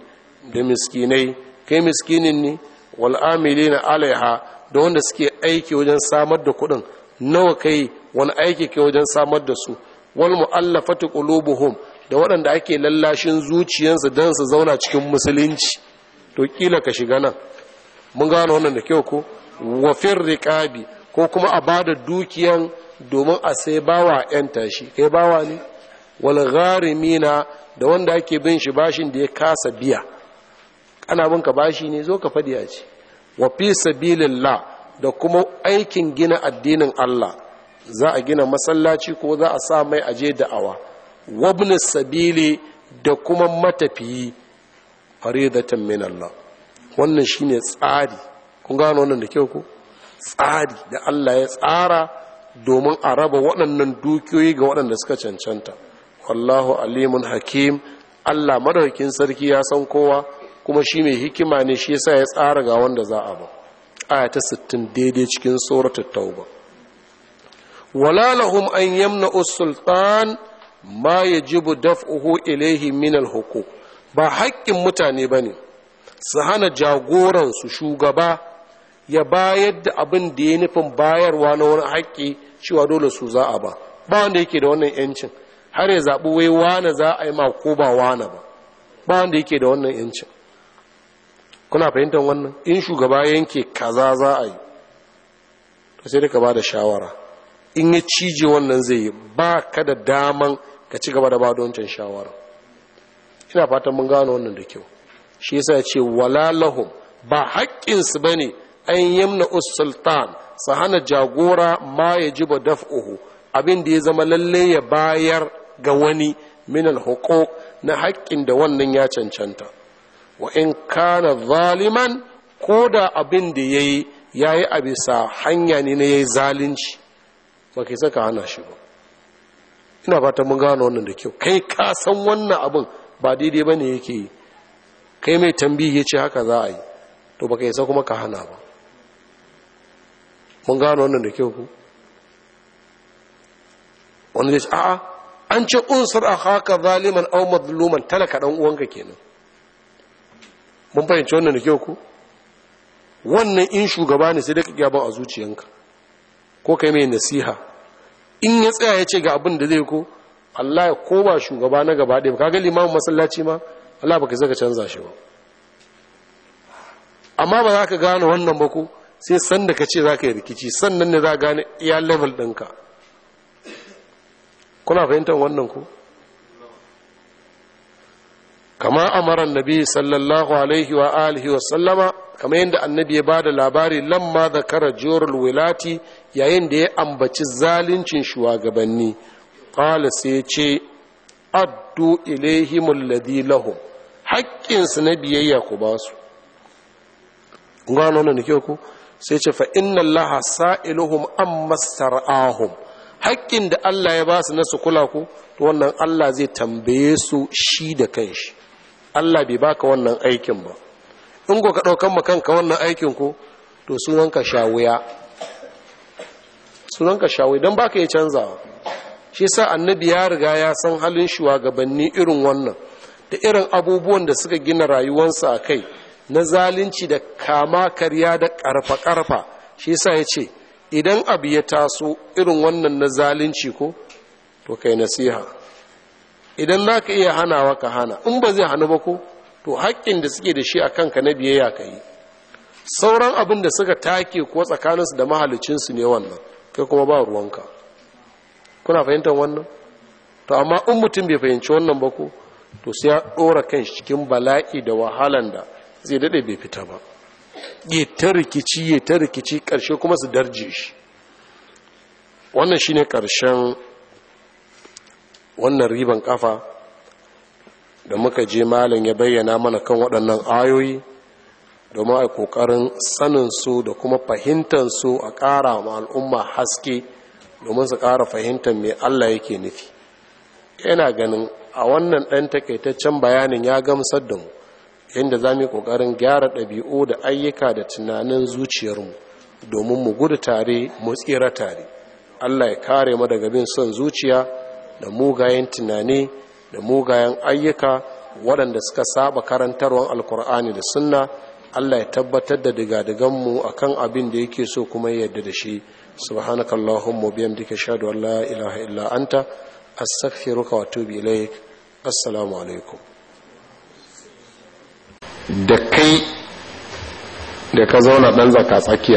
da miskinai kai miskinin ne wal na alaiha da wanda suke aiki wajen samar da kuɗin nawa kai wani aiki kai wajen samar da su wal mu'allafatu qulubuhum da waɗanda ake lallashin zuciyansu don su zauna cikin musulunci to kila ka shiga nan mun gano wannan da kyau ko wafin rikabi ko kuma a bada dukiyan domin a sai bawa 'yan tashi kai bawa ne walgharimina da wanda ake bin shi bashin da ya kasa biya ana bin ka bashi ne zo ka faɗi ce wa fi sabilillah da kuma aikin gina addinin Allah za a gina masallaci ko za a sa mai aje da'awa wabnis sabili da kuma matafiyi faridatan min Allah wannan shine tsari kun gano wannan da kyau ku tsari da Allah ya tsara domin a raba waɗannan dukiyoyi ga waɗanda suka cancanta wallahu alimun hakim Allah madaukakin sarki ya san kowa kuma shi mai hikima ne shi yasa ya tsara ga wanda za a ba aya ta 60 daidai cikin suratul tauba wala lahum an as sultan ma yajibu daf'uhu ilayhi min al-huquq ba haƙƙin mutane bane su hana jagoran su shugaba ya bayar da abin da ya nufin bayarwa na wani haƙƙi cewa dole su za a ba ba wanda yake da wannan yancin har ya zaɓi wai wane za a yi ma ko ba wane ba ba wanda yake da wannan yancin kuna fahimtar wannan in shugaba yanke kaza za a yi to sai ka ba da shawara in ya cije wannan zai yi ba ka da daman ka ci gaba da ba da wancan shawara ina fatan mun gano wannan da kyau shi yasa ce wala lahum ba haƙƙinsu ne an yamna sultan su hana jagora ma ya ji ba daf'uhu abin da ya zama lalle ya bayar ga wani min alhuquq na haƙƙin da wannan ya cancanta wa in kana zaliman ko da abin da yayi yayi a bisa hanya ne na yayi zalunci ba kai saka hana shi ba ina fata mun gano wannan da kyau kai ka san wannan abin ba daidai ne yake yi kai mai tambihi ya ce haka za a yi to baka isa kuma ka hana ba mun gano wannan da kyau ku wani ya ce a'a an ce unsur a haka zaliman au mazluman talaka dan uwanka kenan mun fahimci wannan da kyau ku wannan in shugaba ne sai da kake ban a zuciyanka ko kai mai nasiha in ya tsaya ya ce ga abin da zai ko Allah ya koma shugaba na gaba ɗaya kaga limamin masallaci ma Allah baka zaka canza shi ba amma ba za ka gano wannan ba ko sai sanda ka ce za ka yi rikici sannan ne za a gane iya level ɗinka kuna fahimtar wannan ku kama amaran nabi sallallahu alaihi wa alihi wa sallama kama yadda annabi ya ba da labari lamma da kara jorul wilati yayin da ya ambaci zalincin shugabanni ƙala sai ya ce addu ilaihimul ladhi lahum haƙƙinsu na biyayya ku ba su gano da kyau ku sai ce fa inna Allah sa'iluhum amma sar'ahum haƙƙin da Allah ya ba su na su kula ku to wannan Allah zai tambaye su shi da kanshi Allah bai baka wannan aikin ba in ko ka ɗaukan ma kanka wannan aikin ko to sunanka shawuya sunanka shawuya don baka yi canzawa shi sa annabi ya riga ya san halin shugabanni irin wannan da irin abubuwan da suka gina rayuwansa a kai na zalunci da kama karya da karfa-karfa shi yasa ya ce idan abu ya taso irin wannan na zalunci ko to kai nasiha idan za ka iya hanawa ka hana in ba zai hannu ba ko to haƙƙin da suke da shi a kanka na biyayya ka yi sauran abin da suka take ko tsakaninsu da mahalicinsu ne wannan kai kuma ba ruwanka kuna fahimtar wannan to amma in mutum bai fahimci wannan ba ko to sai ya ɗora kan cikin bala'i da wahalan da zai daɗe bai fita ba ya ta rikici ya ta rikici ƙarshe kuma su darje shi wannan shine ƙarshen wannan riban ƙafa da muka je malam ya bayyana mana kan waɗannan ayoyi domin a ƙoƙarin saninsu da kuma fahimtar su a ƙara ma al'umma haske domin su ƙara fahimtar mai Allah yake nufi yana ganin a wannan ɗan takaitaccen bayanin ya gamsar da mu inda za mu yi ƙoƙarin gyara ɗabi'u da ayyuka da tunanin zuciyarmu domin mu gudu tare mu tsira tare allah ya kare mu daga bin son zuciya da mugayen tunani da mugayen ayyuka waɗanda suka saba karantarwar alkur'ani da sunna allah ya tabbatar da digadiganmu a kan abin da yake so kuma yadda da shi subhanakallahumma biyamdika shahadu an la ilaha illa anta astaghfiruka wa atubu ilaik assalamu alaikum da kai da ka zauna ɗan zaka tsakiya